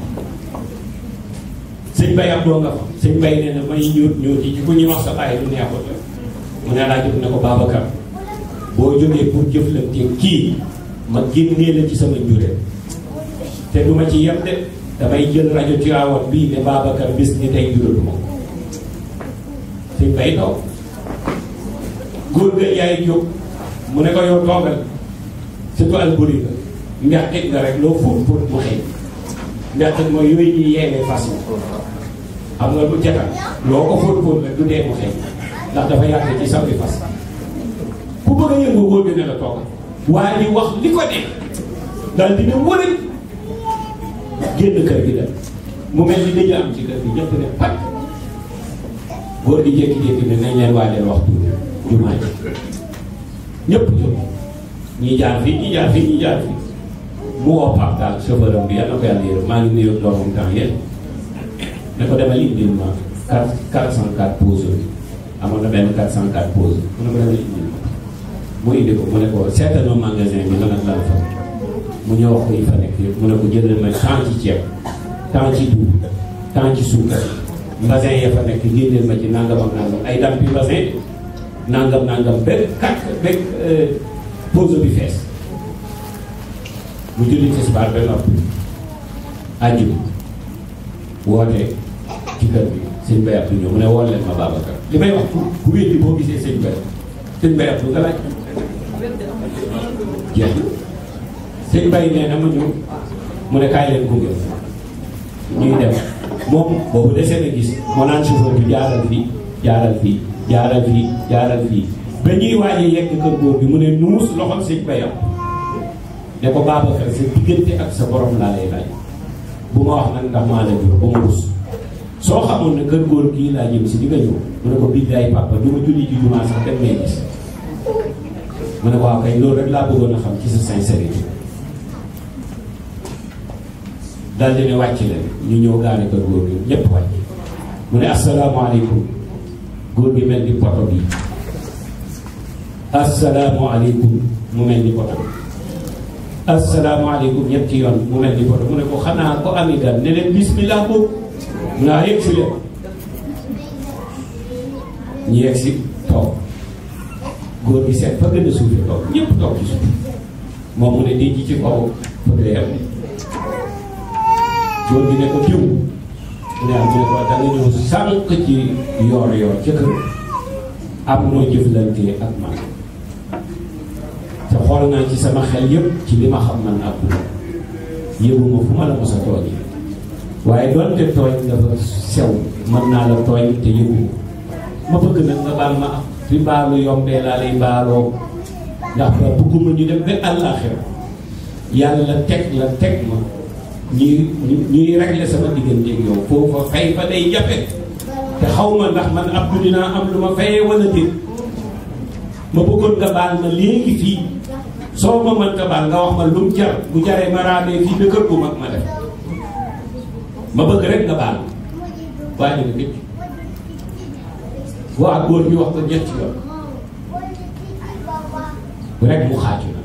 sëñ Baye am doo nga fa sëñ Baye nee na may ñëw ñëw ci ku ñuy wax sa bàyyi lu neexoon la mu ne laa jóg ne ko Babacar boo jógee pour jëflante kii ma génnee la ci sama njureel te du ma ci de damay jël rajo Tivaouane bii ne Babacar bis ni tey juratuma suñ bay toog góor ga yaay jóg mu ne ko yow toogal surtout alburi la ndax teg nga rek loo foofu pour mu xëy ndax teg mooy yooyu ñuy yeewee façon xam nga bu jatal loo ko fóot fóot rek du dee mu xëy ndax dafa yàgg ci sambi fas ku bëgg a yëngu góor gi ne la toogal waaye li wax li ko dee daal dina wëral génn kër gi dem mu mel ni dañu am ci kër gi ñëpp ne pat góor gi jékki-jékki ne nañ leen waajal waxtu jumaa ji ñëpp jóg ñii jaar fii ñii jaar mu woo Pape daal chauffeur am bi yàlla na ko yàlla yërëm maa ngi nuyu doomam temps yéen ne ko demal indil ma 4 404 pause bi amoon na benn 404 pause mu ne ko demal indil ma mu indi ko mu ne ko mu ñëw wax ko yi fa nekk yëpp mu ne ko jëlal ma tant ci ceeb tant ci dugub tant ci suukar mbasin ya fa nekk génneel ma ci nangam ak nangam ay dampi mbasin nangam nangam ba kàkk ba euh, pause bi fees mu julli tisbaar ba noppi aju woote ci bi sëñ Baye Abdou ñëw mu ne woon leen ma Babacar li may wax ku wéet bi boo gisee sëñ Baye sëñ Baye Abdou nga sëñ bay nee na ma ñëw mu ne kaay leen gunge ñuy dem moom boobu desee na gis moo naan bi jaaral fii jaaral fii jaaral fii jaaral fii ba ñuy waajee yegg góor bi mu ne nuus loxol sëñ Baye am ne ko Babacar ak sa borom laa lay wax nag ndax maa la xamoon ne kër góor gii laa jëm si di nga ñëw mu ne ko biddaay papa du ma ne waaw kay loolu rek laa bëggoon a xam ci sa sincérité daal di ne wàcc leen ñu ñëw gaane ko góor gi ñëpp wàcc mu ne asalaamaaleykum góor gi mel ni poto bi asalaamaaleykum mu mel ni poto bi asalaamaaleykum ñetti yoon mu mel ni poto mu ne ko xanaa ko ami gan ne leen bismillah ko naa si leen ñu yegg si toog góor gi seet fa gën a suufi toog ñëpp toog ci suuf moom ne di ci ci kaw góor bi ne ko diw mu ne ah mu ko da nga ñëw ci yoor-yoor ca am noo jëflante ak man te xool naa ci sama xel yëpp ci li ma xam man ak man yëguma fu ma la mos a tooñ waaye doonte tooñ dafa sew mën naa la tooñ te yëguma ma bëgg nag nga baal ma fi baalu yombee laa lay baaloo ndax ba bëgguma ñu dem ba àllaaxira yàlla teg la teg ma. ñuy ñuy régler sama digganteeg yow foofa fay fa day jafe te xaw ma ndax man ab dinaa am lu ma fayee wala déet ma bëggoon nga baal ma léegi fii soo ma mënta baal nga wax ma lu jar bu jaree ma raamee fii ba kër mag ma def ma bëgg rek nga baal waaye nag nit waa góor bi wax ko ñetti yoon rek mu xaaju na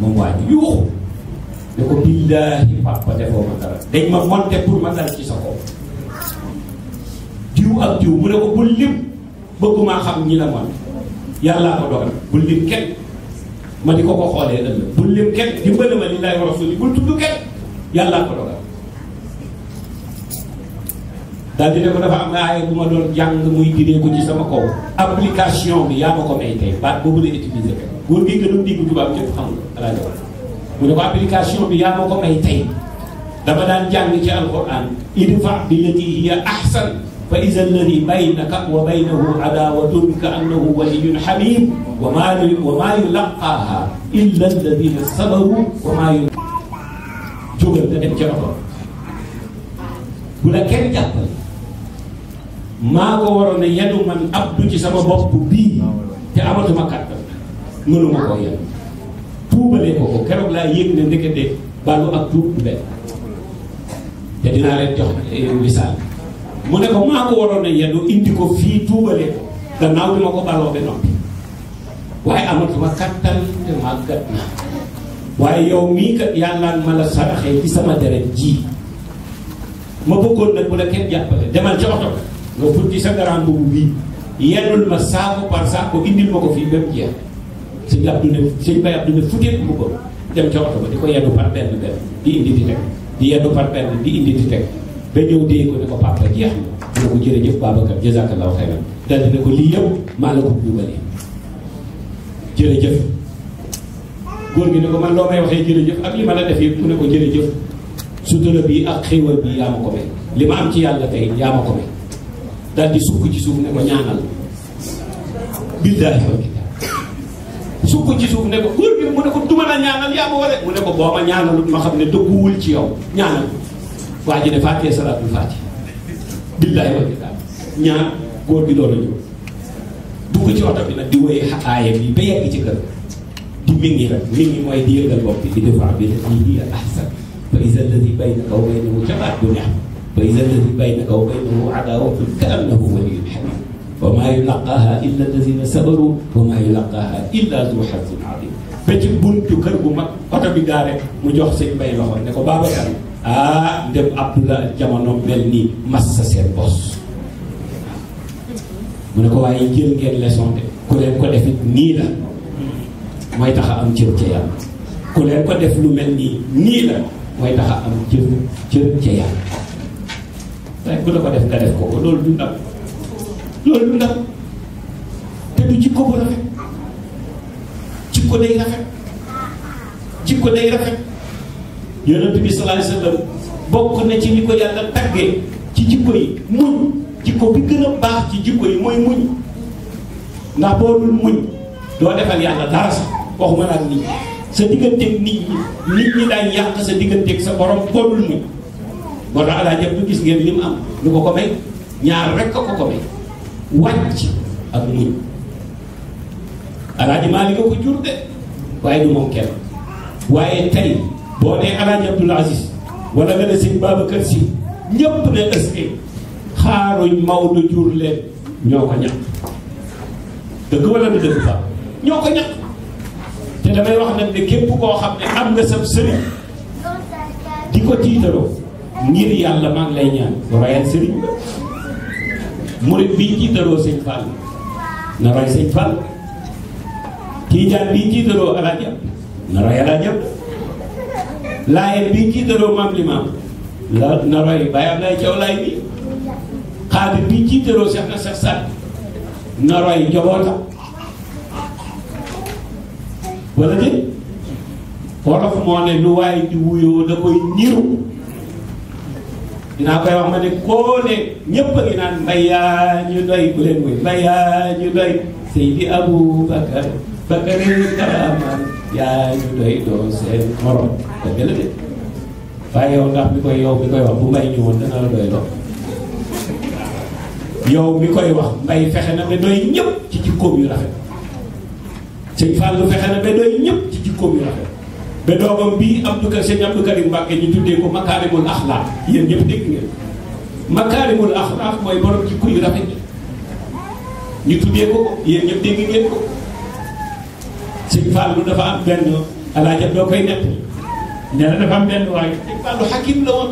moom waa yuuxu ne ko billaahi papa defoo ma dara dañ ma monté pour ma dal ci sa kaw diw ak diw mu ne ko bu lim bëgguma xam ñi la man yàllaa ko dogal bu lim kenn ma di ko ko xoolee la bu lim kenn dimbale ma lillaahi wa rasuli bu tudd kenn yàllaa ko dogal daal di ne ko dafa am na aaya bu ma doon jàng muy diree ko ci sama kow application bi yaa ma ko may tey baat boobu la utiliser góor gi gën a digg tubaab ñëpp xam nga alaaja mu ne ko application bi yaa ma ko may tey dama daan jàng ci alquran idfa billati hiya ahsan fa iza alladi baynaka wa baynahu adawatun ka annahu waliyun hamim wa ma wa ma yulaqaha illa alladina sabaru wa ma yu jógal te dem ci oto bu la kenn jàppal maa ko waroon a yenu man abdu ci sama bopp bii te amatuma kàttan mënuma koo yenu tuubalee ko ko keroog laa yëg ne ndekete baalu ak tuub benn te dinaa leen jox eh, misaal mu ne ko maa ko waroon a yeddu indi ko fii tuubalee ko gannaaw bi ma ko baloo ba noppi waaye amatuma kattan te màggat naa waaye yow mii kat yàllaan ma la saraxee ci sama deret ji ma bëggoon nag bu la jàppale demal ci nga futti sa garan boobu bii yellul ma saako par saako indil ma ko fii ba jeex sëñ Abdou ne sëñ Baye Abdou ne futeeku mu ko dem ca di ko yendu par benn benn di indi di teg di yendu par benn di indi di teg ba ñëw dee ko ne ko papa jeex na jërëjëf Babacar jazakallahu xayran dal dina ko lii maa la ko jërëjëf góor gi ne ko man loo may waxee ak li ma la def yëpp ku ne ko su sutura bii ak xéewal bii yaa ko may li ma am ci yàlla tey yaa ma ko may dal di sukk ci suuf ne ko ñaanal billaahi sukk ci suuf ne ko buur bi mu ne ko du ma la ñaanal yaa ma war mu ne ko boo ma ñaanalu ma xam ne dëgguwul ci yow ñaanal waa ji ne fàttee salaatul fàtti billaahi wal kitaab ñaan góor gi loolu ñëw dugg ci oto bi nag di woy aaya bi ba yegg ci kër di mingi nag mingi mooy di yëngal bopp bi di bi la ñi hiya ahsan fa iza alladi baynaka wa baynahu jabaatun ni'ma fa iza alladi baynaka wa baynahu adaawatun ka annahu waliyyun hamiim wa maa yulaqaaha illa allazina sabaru wa maa yulaqaaha illa zu xazzin adim buntu kër bu mag oto bi gaare mu jox seen Mbay loxo ne ko Babacar ah ndem Abdoulaye jamono mel nii mas seen bos mu ne ko waaye jël ngeen leçon ku leen ko def nii la mooy tax am cër ca yàlla ku leen ko def lu mel nii nii la mooy tax cër cër ca ku la ko def nga def ko ko loolu du loolu du ndaw te du jikko bu rafet jikko day rafet jikko day rafet yonent bi sallallahu alayhi wasallam bokk na ci ñi ko yàlla taggee ci jikko yi muñ jikko bi gën a baax ci jikko yi mooy muñ ndax boo dul muñ doo defal yàlla dara sax waxuma nag nit ñi sa digganteeg nit ñi nit ñi daañ yàq sa digganteeg sa borom boo dul muñ boo tax alaa jëpp du gis ngeen li mu am lu ko ko may ñaar rek ko ko may wàcc ak muñ alaaji Maalik ko jur de waaye du moom kenn waaye tey boo nee alaaji Abdul Aziz wala nga ne sëñ Babacar Si ñëpp ne ëskee xaaruñ Maodo jur leen ñoo ko ñàkk dëgg wala du dëgg fa ñoo ko ñàkk te damay wax nag ne képp koo xam ne am nga sab sëriñ di ko tiitaroo ngir yàlla maa lay ñaan waaye sëriñ la murit bi jiitaloo sëñ Fall na roy sëñ Fall tiijaan bi jiitaloo alaajam na roy alaajam laayeen bi jiitaloo maam limaam la na roy Baye Ablaye Thiaw Laay bi xaadir bi jiitaloo Cheikh na Cheikh Sall na wala dé wolof moo ne lu di wuyoo da koy niru dinaa koy wax ma ne koo ne ñëpp a ngi naan mbay yaa ñu doy bu leen woy mbay yaa ñu doy Seydi Abou Bakar Bakari Karaman yaa ñu doy doo seen morom dëgg la de waaye yow ndax mi koy yow mi koy wax bu mbay ñëwoon dana la doy loo yow mi koy wax mbay fexe na ba doy ñëpp ci jikkoom yu rafet sëñ Fallou fexe na doy ñëpp ci jikkoom yu ba doomam bii Abdou Ka sëñ Abdou Karim Mbàkke ñu tuddee ko makaarimul axlaaq yéen ñëpp dégg ngeen makaarimul axlaaq mooy borom jikko yu rafet ñu tuddee ko ko yéen ñëpp dégg ngeen ko sëñ Fallou dafa am benn alaaja doo koy nekk nee na dafa am benn waaye sëñ Fallou xakim la woon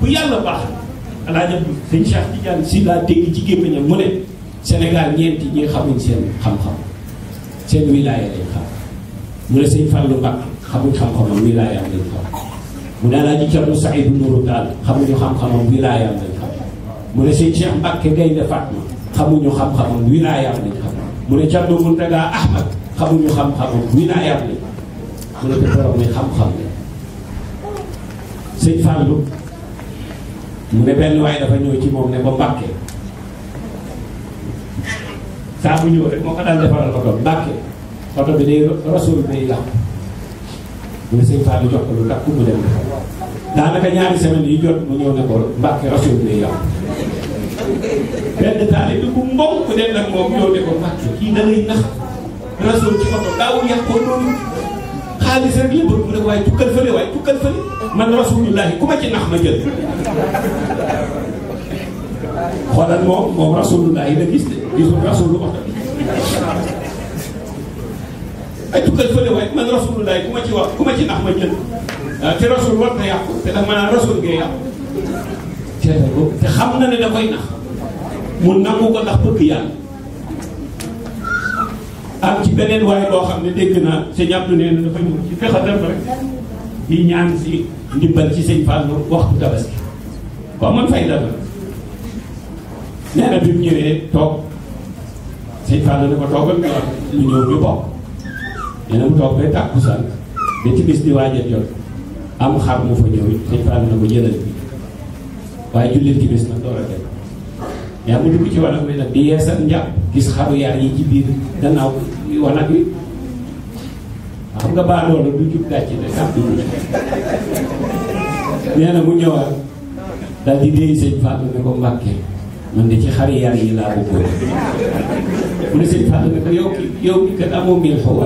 bu yàlla baax alaaja bi sëñ Cheikh Tidiane si laa dégg ci gémmiñam mu ne Sénégal ñeenti ñi xamuñ seen xam-xam seen wilaaya lañ xam mu ne sëñ Fallou Mbàkke xamuñ xam-xamam wilaayam lañ xam mu ne Alaaji Cerno Saydu Nuuru Taal xamuñu xam-xamam wilaayam lañ mu ne sëñ Cheikh Mbàkke ne Cerno Ahmad xamuñu xam-xamam wilaayam lañ mu ne te borom ne xam-xam la sëñ Fallou mu ne benn waaye dafa ñëw ci moom ne ba Mbàkke saa ñëw rek moo ko daan defaral oto Mbàkke oto bi day rasul day làpp ñu ne sëñ Fallou jox ko lu takku mu dem daanaka ñaari semaine yi jot mu ñëw ne ko Mbàkke rasul bi yow benn taali bi ku ku dem nag moom ñëw ko Mbàkke kii da nax rasul ci oto daawul yàq ko mu ne waaye tukkal fële waaye ku ma ci nax ma jël xoolal moom moom rasulullahi la gis de gisul rasulu oto ay tukkal fële waaye man rasulullah ku ma ci wax ku ma ci nax ma jënd ah, te rasul war na yàqu te tax ma naan rasul ngay yàqu te xam na ne da koy nax mu nangu ko ndax bëgg yàlla am ci beneen waaye loo xam ne dégg naa sëñ Abdou nee na dafa ñëw ci fexatal rek di ñaan si ndimbal ci sëñ Fallou na bi mu toog sëñ ko toogal nga wax ñu ñëw ñu bokk nee na mu toog ba tàkkusaan ba timis di waaj a jot am xar mu fa ñëw it sëñ Fall na ko jëlal bi waaye jullit timis nag door a dem yaa mu dugg ci wanag bi nag di yeesal njàpp gis xaru yaar yi ci biir gannaaw wanag wi xam nga baadoo la du jub gàcce ne sàpp du nee na mu ñëwaat daal di déy sëñ Fall ne ko Mbàkke man de ci xar yi laa bëggoon mu ne sëñ Fallou ne ko yow yow mi kat amoo mil xaw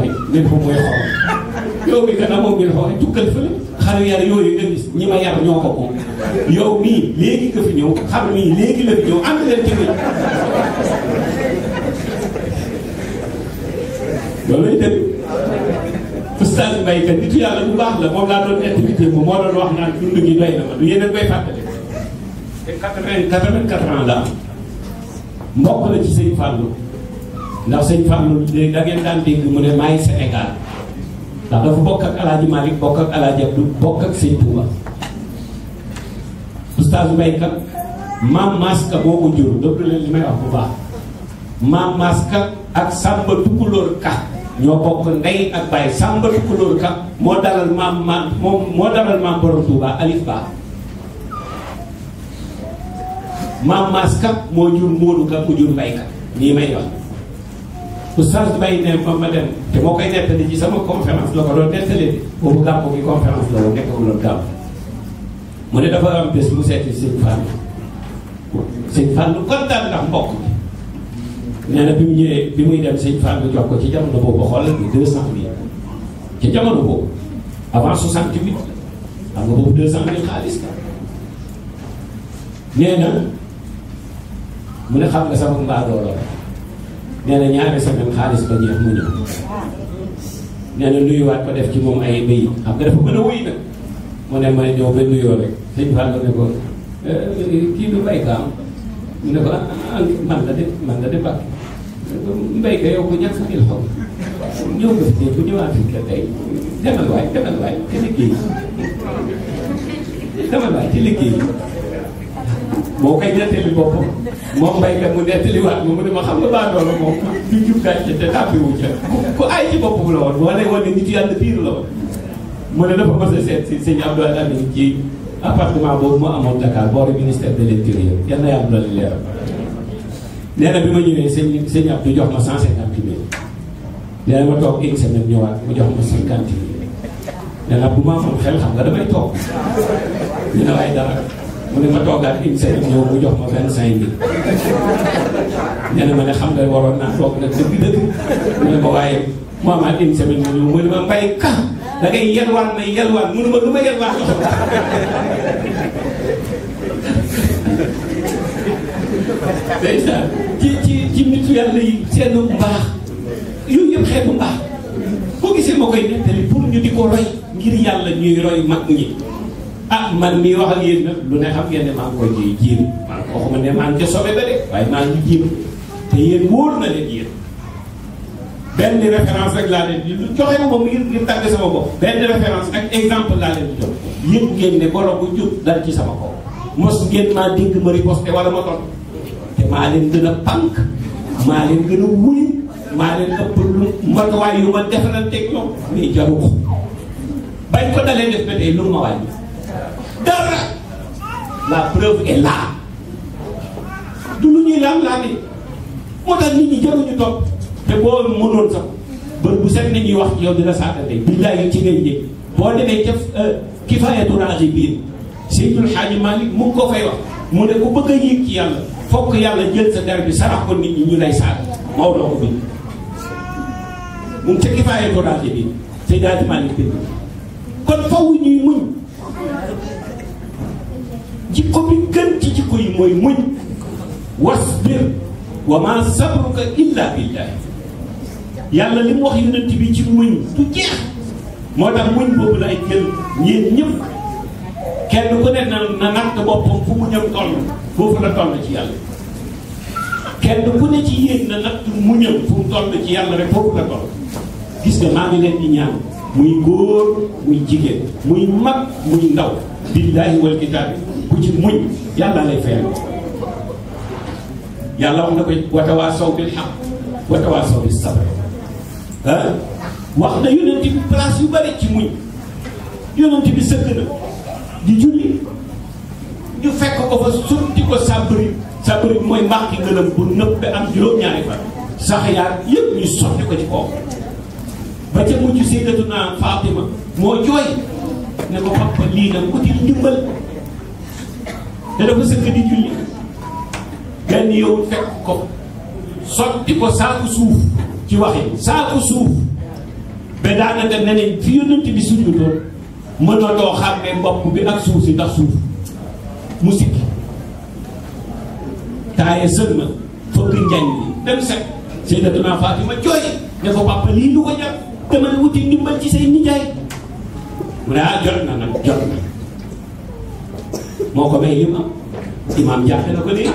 yow mi kat amoo mil xaw yow mii léegi nga fi ñëw xar mii léegi la fi ñëw ànd leen ci biir loolu moo doon wax naan dund gi doy na ma du yeneen bay fàttali te quatre-vingt quatre-vingt-quatre la mbokk la ci sëñ Fallou ndax sëñ Fallou léegi da daan dégg mu ne maay Sénégal ndax dafa bokk ak El maam maas kap moo jur Modou kap mu jur Mbaye kap nii may wax oustaz ne ma ma dem te moo koy nettali ci sama conférence la ko doon nettali boobu gàpp bi conférence la woon nekkagul woon gàpp mu ne dafa am bés mu seeti sëñ Fall sëñ Fall kontaan ndax mbokk bi nee na bi mu ñëwee bi muy dem sëñ Fall jox ko ci jamono boobu xoolal bi deux cent mille ci jamono boobu avant soixante-huit xam nga boobu deux cent mille xaalis la nee na mu ne xam nga sama mbaadoo la nee na ñaari semaine xaalis ba jeex mu ñëw nee na nuyuwaat ko def ci moom ay béy xam nga dafa mën a wuy nag mu ne ma ñëw ba nuyoo rek sëñ Fall ne ko kii du mbayka am mu ne ko eh, ah, ah, man la de man la de bàq mbayka yow ko ñàkk xamil xaw ñëw nga fi bu ñëwaat fi tey demal waay demal waay te liggéey demal waay te liggéey moo koy nettali boppam moom baykat mu nettaliwaat ma mu ne ma xam nga baadoola moom du jub gàcce te tàbbiwu ca ku ay ci boppam la woon moo lay wan ne nit yàlla biir la woon mu ne dafa mos a seet si sëñ Abdoulaye Amin ci appartement boobu moo amoon Dakar boori ministère de l'intérieur yal na yàlla dolli leeral nee na bi ma ñëwee sëñ sëñ Abdou jox ma 150 mille nee na ma toog une semaine ñëwaat mu jox ma 50 mille nee na bu ma fam xel xam nga damay toog ñu ne waaye dara mu ma toogaat une semaine ñëw mu jox ma vingt cinq mille nee na ma ne xam nga waroon naa toog nag dëgg-dëgg mu ne ma waaye mu amaat une semaine mu ñëw mu ma mbay ka da ngay yelwaan may yelwaan mu ma lu ma yelwaan jox ndeysaan ci ci ci nit yàlla yi seen mbaax yooyu yëpp xeetu mbaax boo gisee ma koy nettali pour ñu di ko roy ngir yàlla ñuy roy mag ñi ah man mii wax ak yéen nag lu ne xam ngeen ne maa ngi koy jéem jéem maa ngi waxuma ne maa ngi ca ba de waaye maa ngi jéem te yéen wóor na leen yéen. benn référence rek laa leen di joxe moom ngir ngir tàgg sama bopp benn référence ak exemple laa leen di jox yëpp ngeen ne golo bu jub dal ci sama kaw mos ngeen maa dégg ma riposte wala ma ton te maa leen gën a pànk maa leen gën a wuyu maa leen ëpp lu matuwaay yu ma defalante ak ñoom mais jaru dara la preuve est là du lu ñuy laam laami moo tax nit ñi jaruñu topp te boo mënoon sax bër bu set nit ñuy wax yow dina saatante billaay ci ngay njëg boo demee ca euh, kifaayatu raaxi biir Seydul Xaaji Malik mu ko fay wax mu ne yàlla jël bi sarax ko nit ñi ñu lay saat jikko bi gën ci jikko yi mooy muñ wasbir wa maa sabruka illa billahi yàlla li mu wax yonent bi ci muñ du jeex moo tax muñ boobu laay jël ñeen ñëpp kenn ku ne na na natt boppam fu muñam toll foofu la toll ci yàlla kenn ku ne ci yéen na natt muñam fu mu toll ci yàlla rek foofu la toll gis nga maa ngi leen ñaan muy góor muy jigéen muy mag muy ndaw billahi wal kitaabi ku ci muñ yàlla lay fayal yàlla wax na ko wa tawaasaw bil haqq wa tawaasaw bis sabr wax na yonent bi place yu bari ci muñ yonent bi sëkk na di julli ñu fekk ko fa sotti ko sabri sabri mooy màq ngërëm bu nëb bi am juróom-ñaari fan sax yaar yëpp ñu sotti ko ci kaw ba ca mujj Sayyidatuna Fatima moo jooy ne ko papa lii nag util ndimbal te dafa sëkk di julli benn yow fekk ko sotti ko saaku suuf ci wax yi saaku suuf ba daanaka ne ne fi yonent bi sujjutoon mënatoo xàmmee bopp bi ak suuf si ndax suuf mu sikki taaye sën na fëgg njañ bi dem set Seydatuna Fatima jooy ne ko papa lii lu ko jàpp dama ne wuti ndimbal ci say nijaay mu ne ah jot na nag jot na moo ko may lim am imaam jaaxle na ko léegi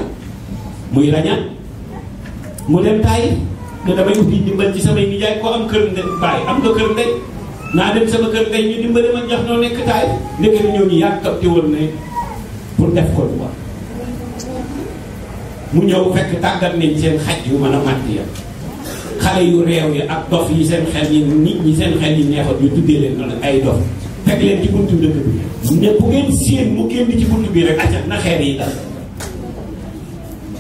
muy rañaan mu dem taay ne damay uti dimbal ci samay nijaay ko am kër nde baay am nga kër ndey naa dem sama kër ndey ñu dimbale ma jox noo nekk taay ndeke ñoo ñu yàkkamti woon ne pour def ko lu mu ñëw fekk tàggat nañ seen xaj yu man a màtt ya xale yu réew yi ak dof yi seen xel yi nit ñi seen xel yi neexoon ñu tuddee leen noonu ay dof teg leen ci buntu dëkk bi ne bu ngeen séen mu génn ci buntu bi rek acca na xeer yi dal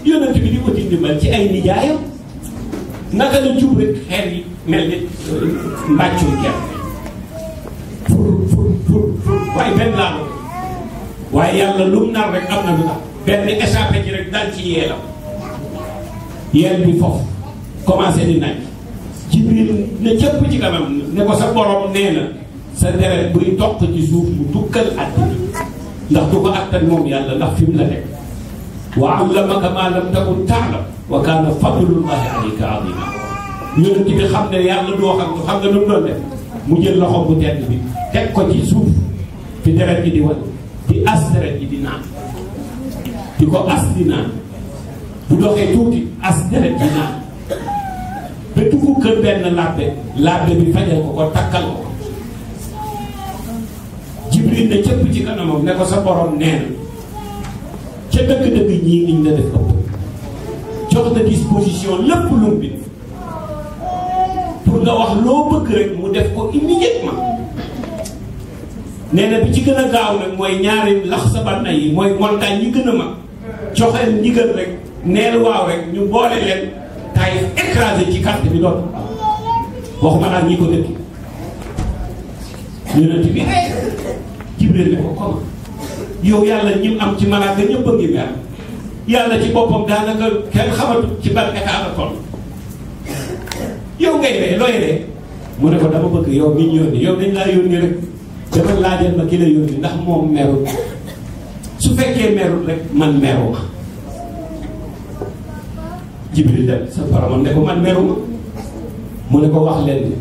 yonent bi di ko di ndimbal ci ay nijaayam naka la jub rek xeer mel ni euh, mbàccul gerte pour pour pour pour waaye benn laa nar rek am na lu tax benn échappé ji rek dal ci yeelam yeel bi foofu commencé di naaj ci biir ne cëpp ci kanam ne ko sa borom sa deret buy toq ci suuf mu tukkal àddina ndax du ko attan moom yàlla ndax fi mu la nekk wa allamaka ma lam takun taalam wa kaana fadlullahi alayka azima yonent bi xam ne ci di wan di as deret yi di naan di ko as doxee tuuti as deret yi naan ba dugg benn labbe labbe bi fajal ko ko takkal ko Jibril ne cëpp ci kanamam ne ko sa borom nee na ca dëgg ñii niñ la def ëpp jox na disposition lépp lu pour nga wax loo bëgg rek mu def ko immédiatement nee na bi ci gën a gaaw nag mooy ñaari lax sa banna yi mooy montagne yi gën a mag joxeel ndigal rek neel waaw rek ñu boole leen taay écrasé ci carte bi doon waxuma naan ñi ko dëkk ñu ne Jibril ne ko comme yow yàlla ñim am ci malaaka ñëpp a ngi mer yàlla ci boppam daanaka kenn xamatu ci ban état la toll yow ngay ree looy ree mu ne ko dama bëgg yow mi ñu yónni yow dañ laa yónni rek dama laajal ma ki la yónni moom merul su fekkee merul rek man meru ma Jibril dem sa boromam ne ko man meru ma mu ne ko wax leen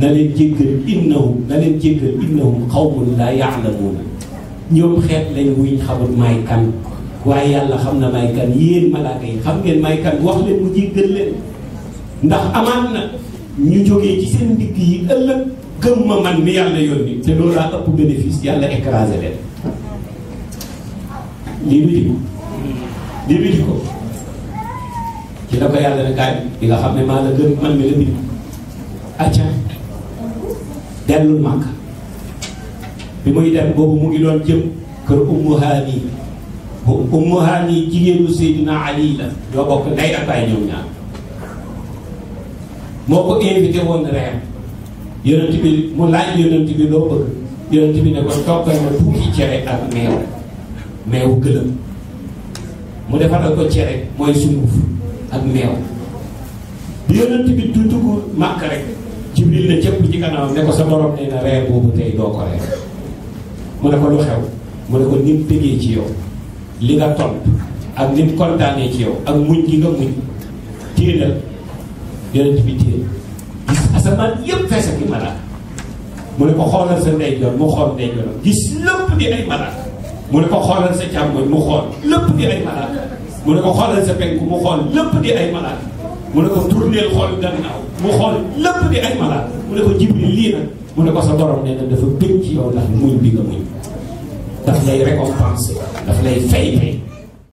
na leen jéggal innahum na leen jéggal innahum xawmun laa yaalamuuna ñoom xeet lañ wuñ xamul maay kan waaye yàlla xam na maay kan yéen malaaka yi xam ngeen maay kan wax leen mu jéggal leen ndax amaat na ñu jógee ci seen ndigg yi ëllëg gëm man mi yàlla yónni te loolu laa ëpp bénéfice yàlla écrasé leen lii bi di ko ko ci la ko yàlla ne kaay bi nga xam ne maa la gën mi la bind acca dellu màkk bi muy dem boobu mu ngi doon jëm kër ummu haani bu ummu haani jigéenu Seydina Ali la ñoo bokk ndey ak baay ñoom ñaar moo ko invité woon reer yonent bi mu laaj yonent bi loo bëgg yonent bi ne ko toggal ma fukki cere ak meew meewu gëlëm mu defaral ko cere mooy sunguf ak meew bi yonent bi du dugg Jibril ne cëpp ci kanam ne ko sa borom nee reer boobu tey doo ko reer mu ne ko lu xew mu ne ko nit déggee ci yow li nga tontu ak nit kontaanee ci yow ak muñ gi nga muñ téelal gis asamaan yëpp fees ak i mu ne ko xoolal sa ndeyjoor mu xool ndeyjooram gis lépp di ay malaaka mu ne ko xoolal sa càmmoñ mu xool lépp di ay malaaka mu ne ko xoolal sa penku xool lépp ay malaaka mu ne mu xool lépp di ay malaat mu ne ko Jibril lii na wu ne ko sa borom nee na dafa bëgg ci yow ndax muñ bi nga muñ daf lay récompenser
daf lay fay fay